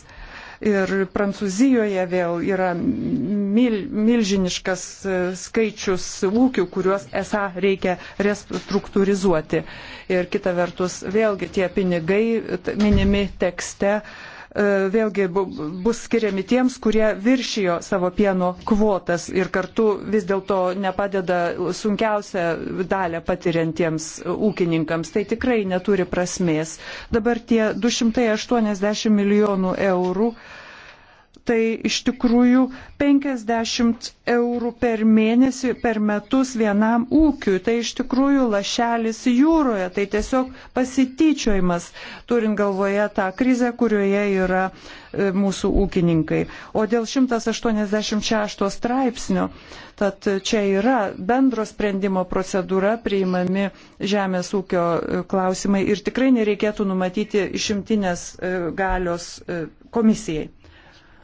[SPEAKER 1] ir Prancūzijoje vėl yra mil, milžiniškas e, skaičius ūkių, kuriuos esą reikia restruktūrizuoti. Ir kita vertus, vėlgi tie pinigai minimi tekste E, vėlgi bus skiriami tiems, kurie viršijo savo pieno kvotas ir kartu vis dėlto nepadeda sunkiausią dalę patiriantiems ūkininkams. Tai tikrai neturi prasmės. Dabar tie 280 milijonų eurų tai iš tikrųjų 50 eurų per mėnesį, per metus vienam ūkiui. Tai iš tikrųjų lašelis jūroje, tai tiesiog pasityčiojimas, turint galvoje tą krizę, kurioje yra e, mūsų ūkininkai. O dėl 186 straipsnio, tad čia yra bendro sprendimo procedūra priimami žemės ūkio e, klausimai ir tikrai nereikėtų numatyti išimtinės e, galios komisijai.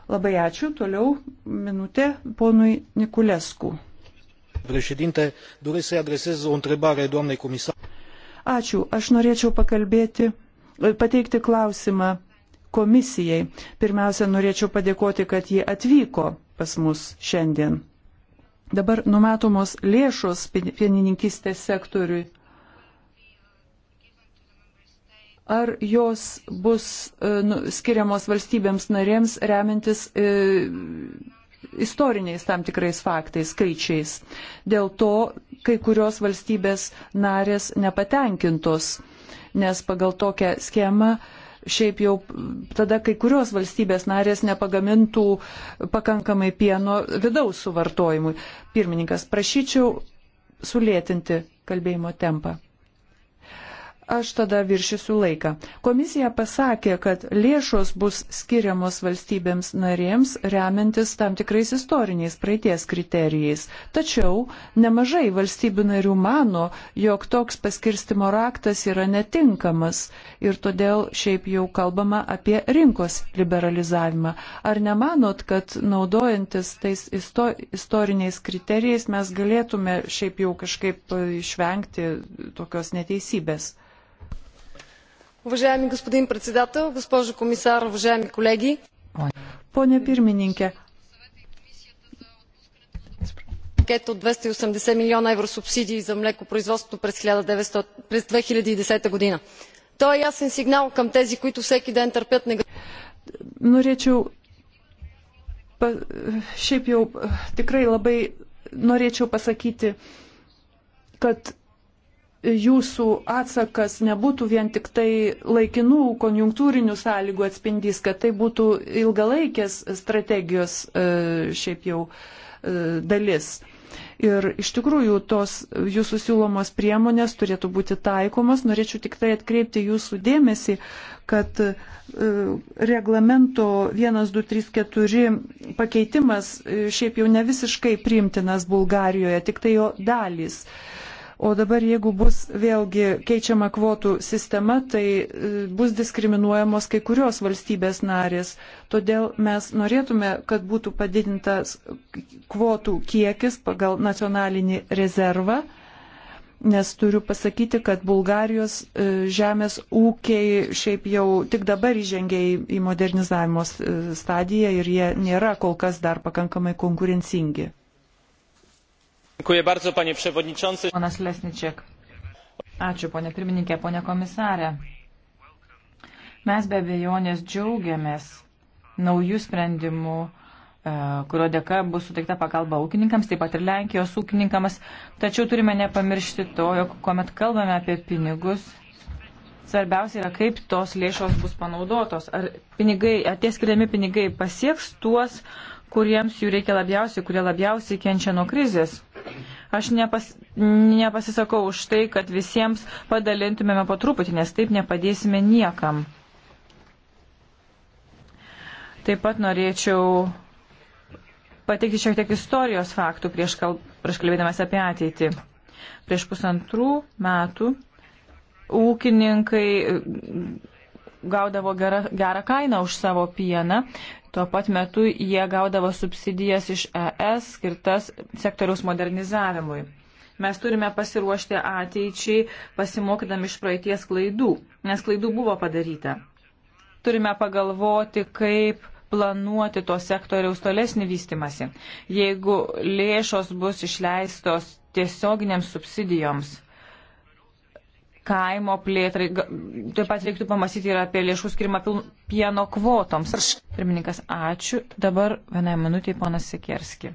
[SPEAKER 1] Labai ačiū. Toliau minutė ponui Nikulescu. Președinte, doresc să-i adresez o întrebare doamnei comisar. Ačiū. Aš norėčiau pakalbėti, pateikti klausimą komisijai. Pirmiausia, norėčiau padėkoti, kad jie atvyko pas mus šiandien. Dabar numatomos lėšos pienininkistės sektoriui ar jos bus e, nu, skiriamos valstybėms narėms remiantis e, istoriniais tam tikrais faktais, skaičiais. Dėl to kai kurios valstybės narės nepatenkintos, nes pagal tokią schemą šiaip jau tada kai kurios valstybės narės nepagamintų pakankamai pieno vidaus suvartojimui. Pirmininkas, prašyčiau sulėtinti kalbėjimo tempą. Aš tada viršysiu laiką. Komisija pasakė, kad lėšos bus skiriamos valstybėms narėms remiantis tam tikrais istoriniais praeities kriterijais. Tačiau nemažai valstybių narių mano, jog toks paskirstimo raktas yra netinkamas ir todėl šiaip jau kalbama apie rinkos liberalizavimą. Ar nemanot, kad naudojantis tais isto istoriniais kriterijais mes galėtume šiaip jau kažkaip išvengti tokios neteisybės? Уважаеми господин председател, госпожо комисар, уважаеми колеги. Pone pirmininkė. Пакет от 280 милиона евро субсидии за млекопроизводството през, 1900, през 2010 година. Той е ясен сигнал към тези, които всеки ден търпят Norėčiau, pa, šiaip jau tikrai labai norėčiau pasakyti, kad jūsų atsakas nebūtų vien tik tai laikinų konjunktūrinių sąlygų atspindys, kad tai būtų ilgalaikės strategijos e, šiaip jau e, dalis. Ir iš tikrųjų tos jūsų siūlomos priemonės turėtų būti taikomos. Norėčiau tik tai atkreipti jūsų dėmesį, kad e, reglamento 1234 pakeitimas šiaip jau ne visiškai priimtinas Bulgarijoje, tik tai jo dalys. Uh, O dabar, jeigu bus vėlgi keičiama kvotų sistema, tai e, bus diskriminuojamos kai kurios valstybės narės. Todėl mes norėtume, kad būtų padidintas kvotų kiekis pagal nacionalinį rezervą, nes turiu pasakyti, kad Bulgarijos e, žemės ūkiai šiaip jau tik dabar įžengė į modernizavimo e, stadiją ir jie nėra kol kas dar pakankamai konkurencingi
[SPEAKER 3] panie przewodniczący! Ponas Lesničiak. Ačiū, ponė pirmininkė, ponė komisarė. Mes be abejonės džiaugiamės naujų sprendimų, e, kurio dėka bus suteikta pagalba ūkininkams, taip pat ir Lenkijos ūkininkams. Tačiau turime nepamiršti to, jog kuomet kalbame apie pinigus, svarbiausia yra, kaip tos lėšos bus panaudotos. Ar pinigai, tie skiriami pinigai pasieks tuos, kuriems jų reikia labiausiai, kurie labiausiai kenčia nuo krizės. Aš nepas, nepasisakau už tai, kad visiems padalintumėme po truputį, nes taip nepadėsime niekam. Taip pat norėčiau pateikti šiek tiek istorijos faktų prieš, kal, prieš kalbėdamas apie ateitį. Prieš pusantrų metų ūkininkai gaudavo gerą, gerą kainą už savo pieną. Tuo pat metu jie gaudavo subsidijas iš ES skirtas sektoriaus modernizavimui. Mes turime pasiruošti ateičiai, pasimokydami iš praeities klaidų, nes klaidų buvo padaryta. Turime pagalvoti, kaip planuoti to sektoriaus tolesnį vystimasi, jeigu lėšos bus išleistos tiesioginiams subsidijoms kaimo plėtrai. Taip pat reiktų pamastyti ir apie lėšų skirimą pieno kvotoms. Pirmininkas, ačiū. Dabar vienai minutiai ponas Sikerski.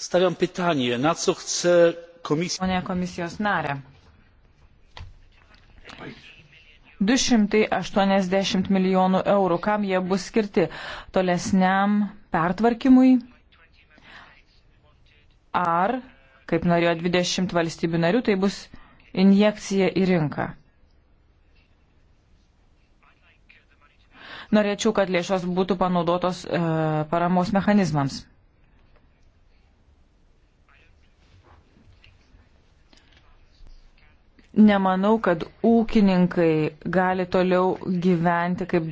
[SPEAKER 3] Staviam pitanie, na co chce komisija. Pone komisijos narė. 280 milijonų eurų, kam jie bus skirti tolesniam pertvarkymui ar, kaip norėjo 20 valstybių narių, tai bus injekcija į rinką. Norėčiau, kad lėšos būtų panaudotos e, paramos mechanizmams. Nemanau, kad ūkininkai gali toliau gyventi kaip,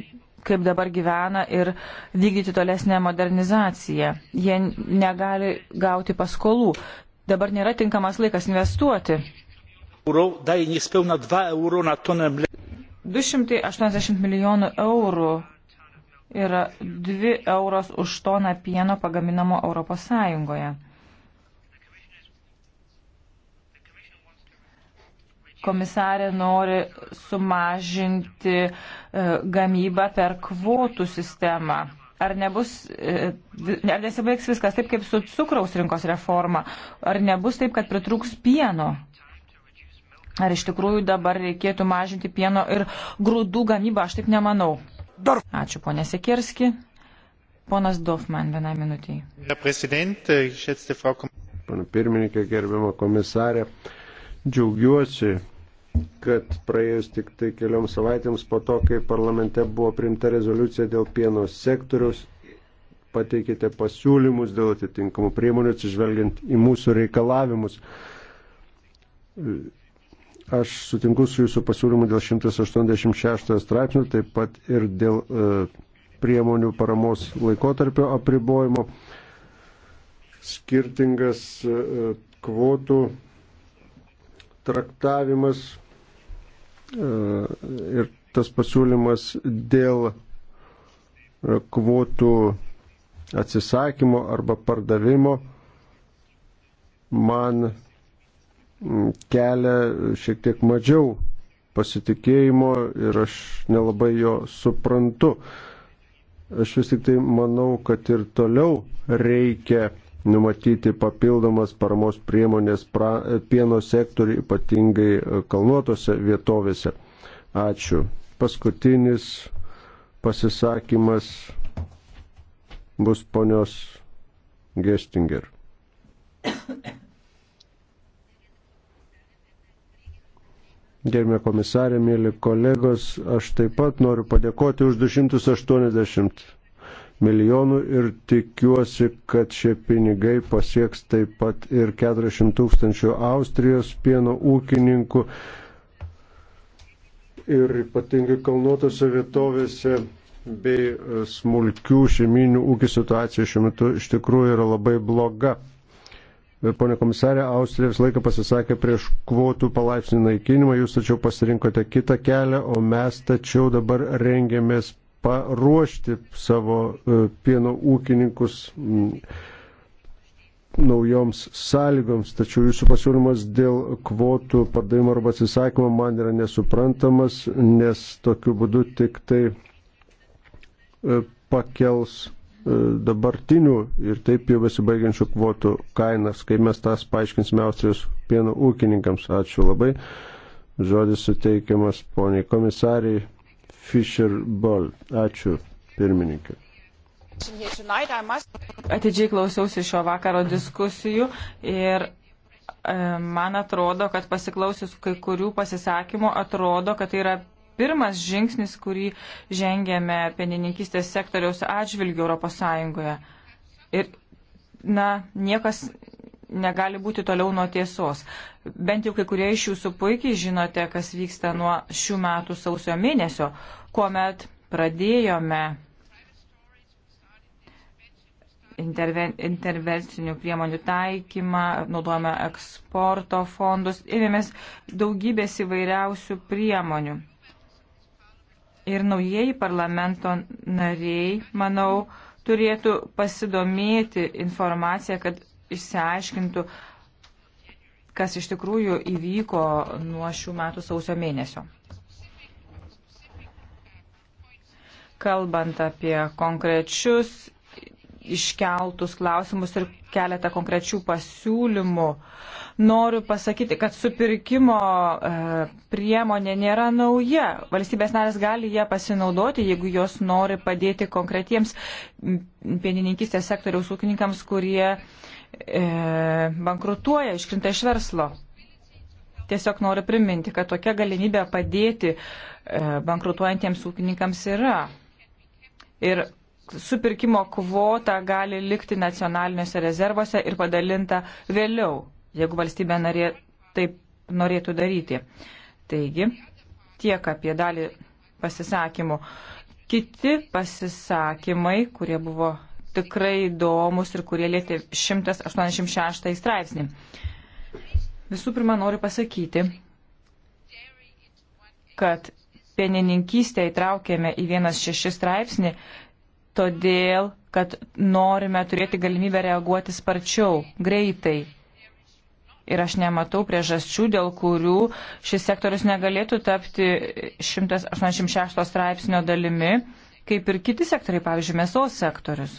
[SPEAKER 3] kaip dabar gyvena ir vykdyti tolesnę modernizaciją. Jie negali gauti paskolų. Dabar nėra tinkamas laikas investuoti euro daje niespełna 2 euro na tonę mleka. 280 milijonų eurų yra 2 euros už toną pieno pagaminamo Europos Sąjungoje. komisarė nori sumažinti e, gamybą per kvotų sistemą. Ar nebus, e, ar nesibaigs viskas taip kaip su cukraus rinkos reforma? Ar nebus taip, kad pritrūks pieno? Ar iš tikrųjų dabar reikėtų mažinti pieno ir grūdų gamybą? Aš taip nemanau. Dar. Ačiū, ponė Sekirski. Ponas Dofman, vieną minutį.
[SPEAKER 4] Pana pirmininkė, gerbiama komisarė, džiaugiuosi, kad praėjus tik tai kelioms savaitėms po to, kai parlamente buvo priimta rezoliucija dėl pieno sektoriaus, pateikėte pasiūlymus dėl atitinkamų priemonių atsižvelgiant į mūsų reikalavimus Aš sutinku su jūsų pasiūlymu dėl 186 straipsnių, taip pat ir dėl e, priemonių paramos laikotarpio apribojimo. Skirtingas e, kvotų traktavimas e, ir tas pasiūlymas dėl e, kvotų atsisakymo arba pardavimo man kelia šiek tiek mažiau pasitikėjimo ir aš nelabai jo suprantu. Aš vis tik tai manau, kad ir toliau reikia numatyti papildomas paramos priemonės pra, pieno sektoriui, ypatingai kalnuotose vietovėse. Ačiū. Paskutinis pasisakymas bus ponios Gestinger. gerbė komisarė, mėly kolegos, aš taip pat noriu padėkoti už 280 milijonų ir tikiuosi, kad šie pinigai pasieks taip pat ir 400 tūkstančių Austrijos pieno ūkininkų ir ypatingai kalnuotose vietovėse bei smulkių šeiminių ūkių situacija šiuo metu iš tikrųjų yra labai bloga. Pone komisarė, Austrija visą laiką pasisakė prieš kvotų palaipsnį naikinimą, jūs tačiau pasirinkote kitą kelią, o mes tačiau dabar rengiamės paruošti savo e, pieno ūkininkus naujoms sąlygoms, tačiau jūsų pasiūlymas dėl kvotų pardavimo arba atsisakymo man yra nesuprantamas, nes tokiu būdu tik tai e, pakels E, dabartinių ir taip jau besibaigiančių kvotų kainas, kai mes tas paaiškinsime Austrijos pieno ūkininkams. Ačiū labai. Žodis suteikiamas poniai komisariai Fisher Ball. Ačiū pirmininkė.
[SPEAKER 3] Atidžiai klausiausi šio vakaro diskusijų ir e, man atrodo, kad pasiklausius kai kurių pasisakymų, atrodo, kad tai yra pirmas žingsnis, kurį žengėme pienininkystės sektoriaus atžvilgių Europos Sąjungoje. Ir, na, niekas negali būti toliau nuo tiesos. Bent jau kai kurie iš jūsų puikiai žinote, kas vyksta nuo šių metų sausio mėnesio, kuomet pradėjome interven, intervencinių priemonių taikymą, naudojame eksporto fondus, ėmėmės daugybės įvairiausių priemonių ir naujieji parlamento nariai, manau, turėtų pasidomėti informaciją, kad išsiaiškintų, kas iš tikrųjų įvyko nuo šių metų sausio mėnesio. Kalbant apie konkrečius iškeltus klausimus ir keletą konkrečių pasiūlymų, uh, noriu pasakyti, kad supirkimo e, priemonė nėra nauja. Valstybės narės gali ją pasinaudoti, jeigu jos nori padėti konkretiems pienininkistės sektoriaus ūkininkams, kurie e, bankrutuoja, iškrinta iš verslo. Tiesiog noriu priminti, kad tokia galimybė padėti e, bankrutuojantiems ūkininkams yra. Ir supirkimo kvota gali likti nacionaliniuose rezervuose ir padalinta vėliau jeigu valstybė narė taip norėtų daryti. Taigi, tiek apie dalį pasisakymų. Kiti pasisakymai, kurie buvo tikrai įdomus ir kurie lėtė 186 straipsnį. Visų pirma, noriu pasakyti, kad pienininkystę įtraukėme į vienas šeši straipsnį, todėl, kad norime turėti galimybę reaguoti sparčiau, greitai ir aš nematau priežasčių, dėl kurių šis sektorius negalėtų tapti 186 straipsnio dalimi, kaip ir kiti sektoriai, pavyzdžiui, mėsos sektorius.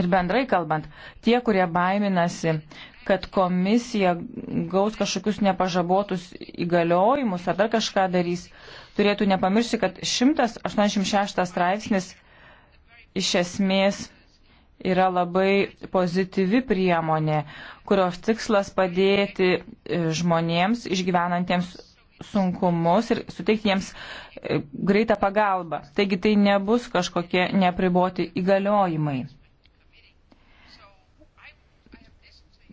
[SPEAKER 3] Ir bendrai kalbant, tie, kurie baiminasi, kad komisija gaus kažkokius nepažabotus įgaliojimus ar dar kažką darys, turėtų nepamiršti, kad 186 straipsnis iš esmės yra labai pozityvi priemonė, kurios tikslas padėti e, žmonėms išgyvenantiems sunkumus ir suteikti jiems e, greitą pagalbą. Taigi tai nebus kažkokie nepriboti įgaliojimai.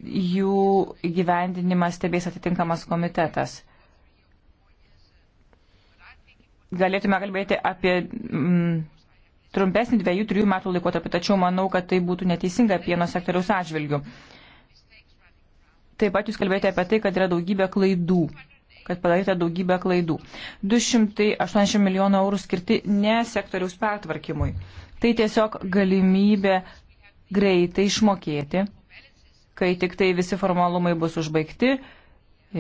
[SPEAKER 3] Jų gyvendinimas stebės atitinkamas komitetas. Galėtume kalbėti apie mm, trumpesnį dviejų, trijų metų laikotarpį, tačiau manau, kad tai būtų neteisinga pieno sektoriaus atžvilgių. Taip pat jūs kalbėjote apie tai, kad yra daugybė klaidų, kad padaryta daugybė klaidų. 280 milijonų eurų skirti ne sektoriaus pertvarkymui. Tai tiesiog galimybė greitai išmokėti, kai tik tai visi formalumai bus užbaigti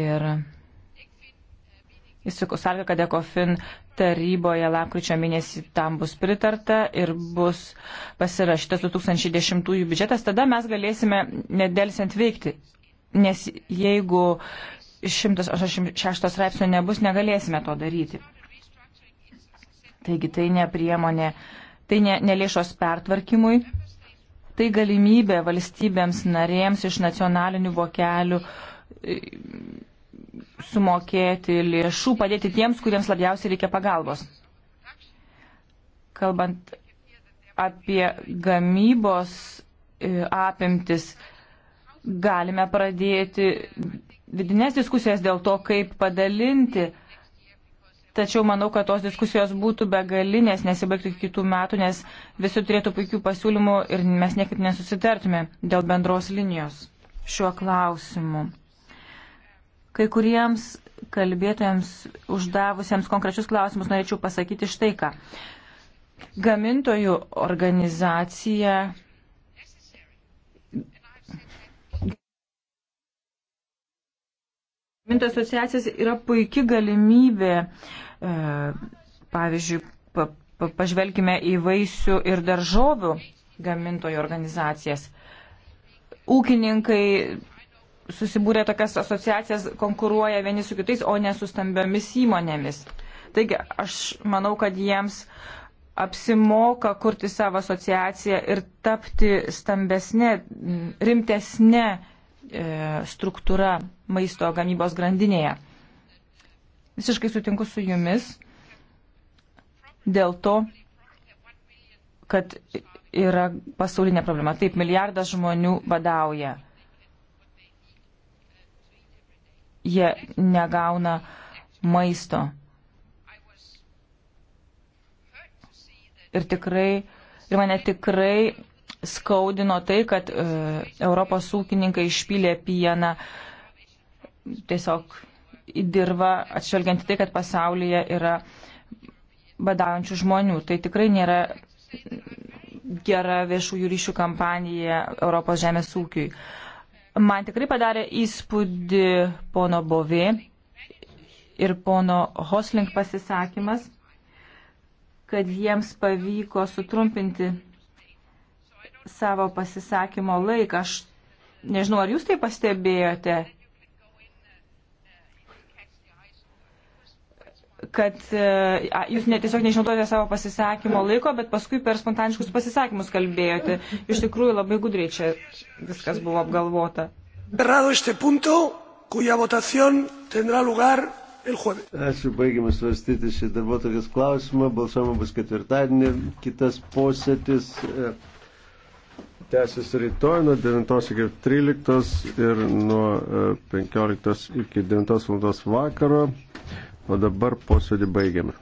[SPEAKER 3] ir Jis sakė, kad ECOFIN taryboje lapkričio mėnesį tam bus pritarta ir bus pasirašytas 2010 biudžetas, tada mes galėsime nedelsiant veikti. Nes jeigu 186 straipsnio nebus, negalėsime to daryti. Taigi tai ne priemonė, tai ne, ne lėšos pertvarkymui, tai galimybė valstybėms narėms iš nacionalinių vokelių sumokėti lėšų, padėti tiems, kuriems labiausiai reikia pagalbos. Kalbant apie gamybos e, apimtis, galime pradėti vidinės diskusijas dėl to, kaip padalinti. Tačiau manau, kad tos diskusijos būtų begalinės, nesibaigtų kitų metų, nes visi turėtų puikių pasiūlymų ir mes niekaip nesusitartume dėl bendros linijos šiuo klausimu. Kai kuriems kalbėtojams uždavusiems konkrečius klausimus norėčiau pasakyti štai ką. Gamintojų organizacija Gamintojų asociacijas yra puikia galimybė, e, pavyzdžiui, pa, pa, pažvelkime į vaisių ir daržovių gamintojų organizacijas. Ūkininkai susibūrė tokias asociacijas, konkuruoja vieni su kitais, o ne su stambiomis įmonėmis. Taigi aš manau, kad jiems apsimoka kurti savo asociaciją ir tapti stambesnė, rimtesnė e, struktūra maisto gamybos grandinėje. Visiškai sutinku su jumis dėl to, kad yra pasaulinė problema. Taip, milijardas žmonių badauja. jie negauna maisto. Ir tikrai, ir mane tikrai skaudino tai, kad e, Europos ūkininkai išpylė pieną tiesiog į dirbą, atšvelgiant tai, kad pasaulyje yra badaujančių žmonių. Tai tikrai nėra gera viešųjų ryšių kampanija Europos žemės ūkiui. E, Man tikrai padarė įspūdį pono Bovė ir pono Hoslink pasisakymas, kad jiems pavyko sutrumpinti savo pasisakymo laiką. Aš nežinau, ar jūs tai pastebėjote, kad e, a, jūs netiesiog neišnaudojate savo pasisakymo laiko, bet paskui per spontaniškus pasisakymus kalbėjote. Iš tikrųjų labai gudriai čia viskas buvo apgalvota.
[SPEAKER 4] Ačiū, baigiamas svarstyti šį darbo tokias klausimą. Balsuojama bus ketvirtadienį, kitas posėtis. E, Tęsis rytoj nuo 9 iki 13 ir nuo 15 e, iki 9 val. vakaro. O dabar posėdį baigiame.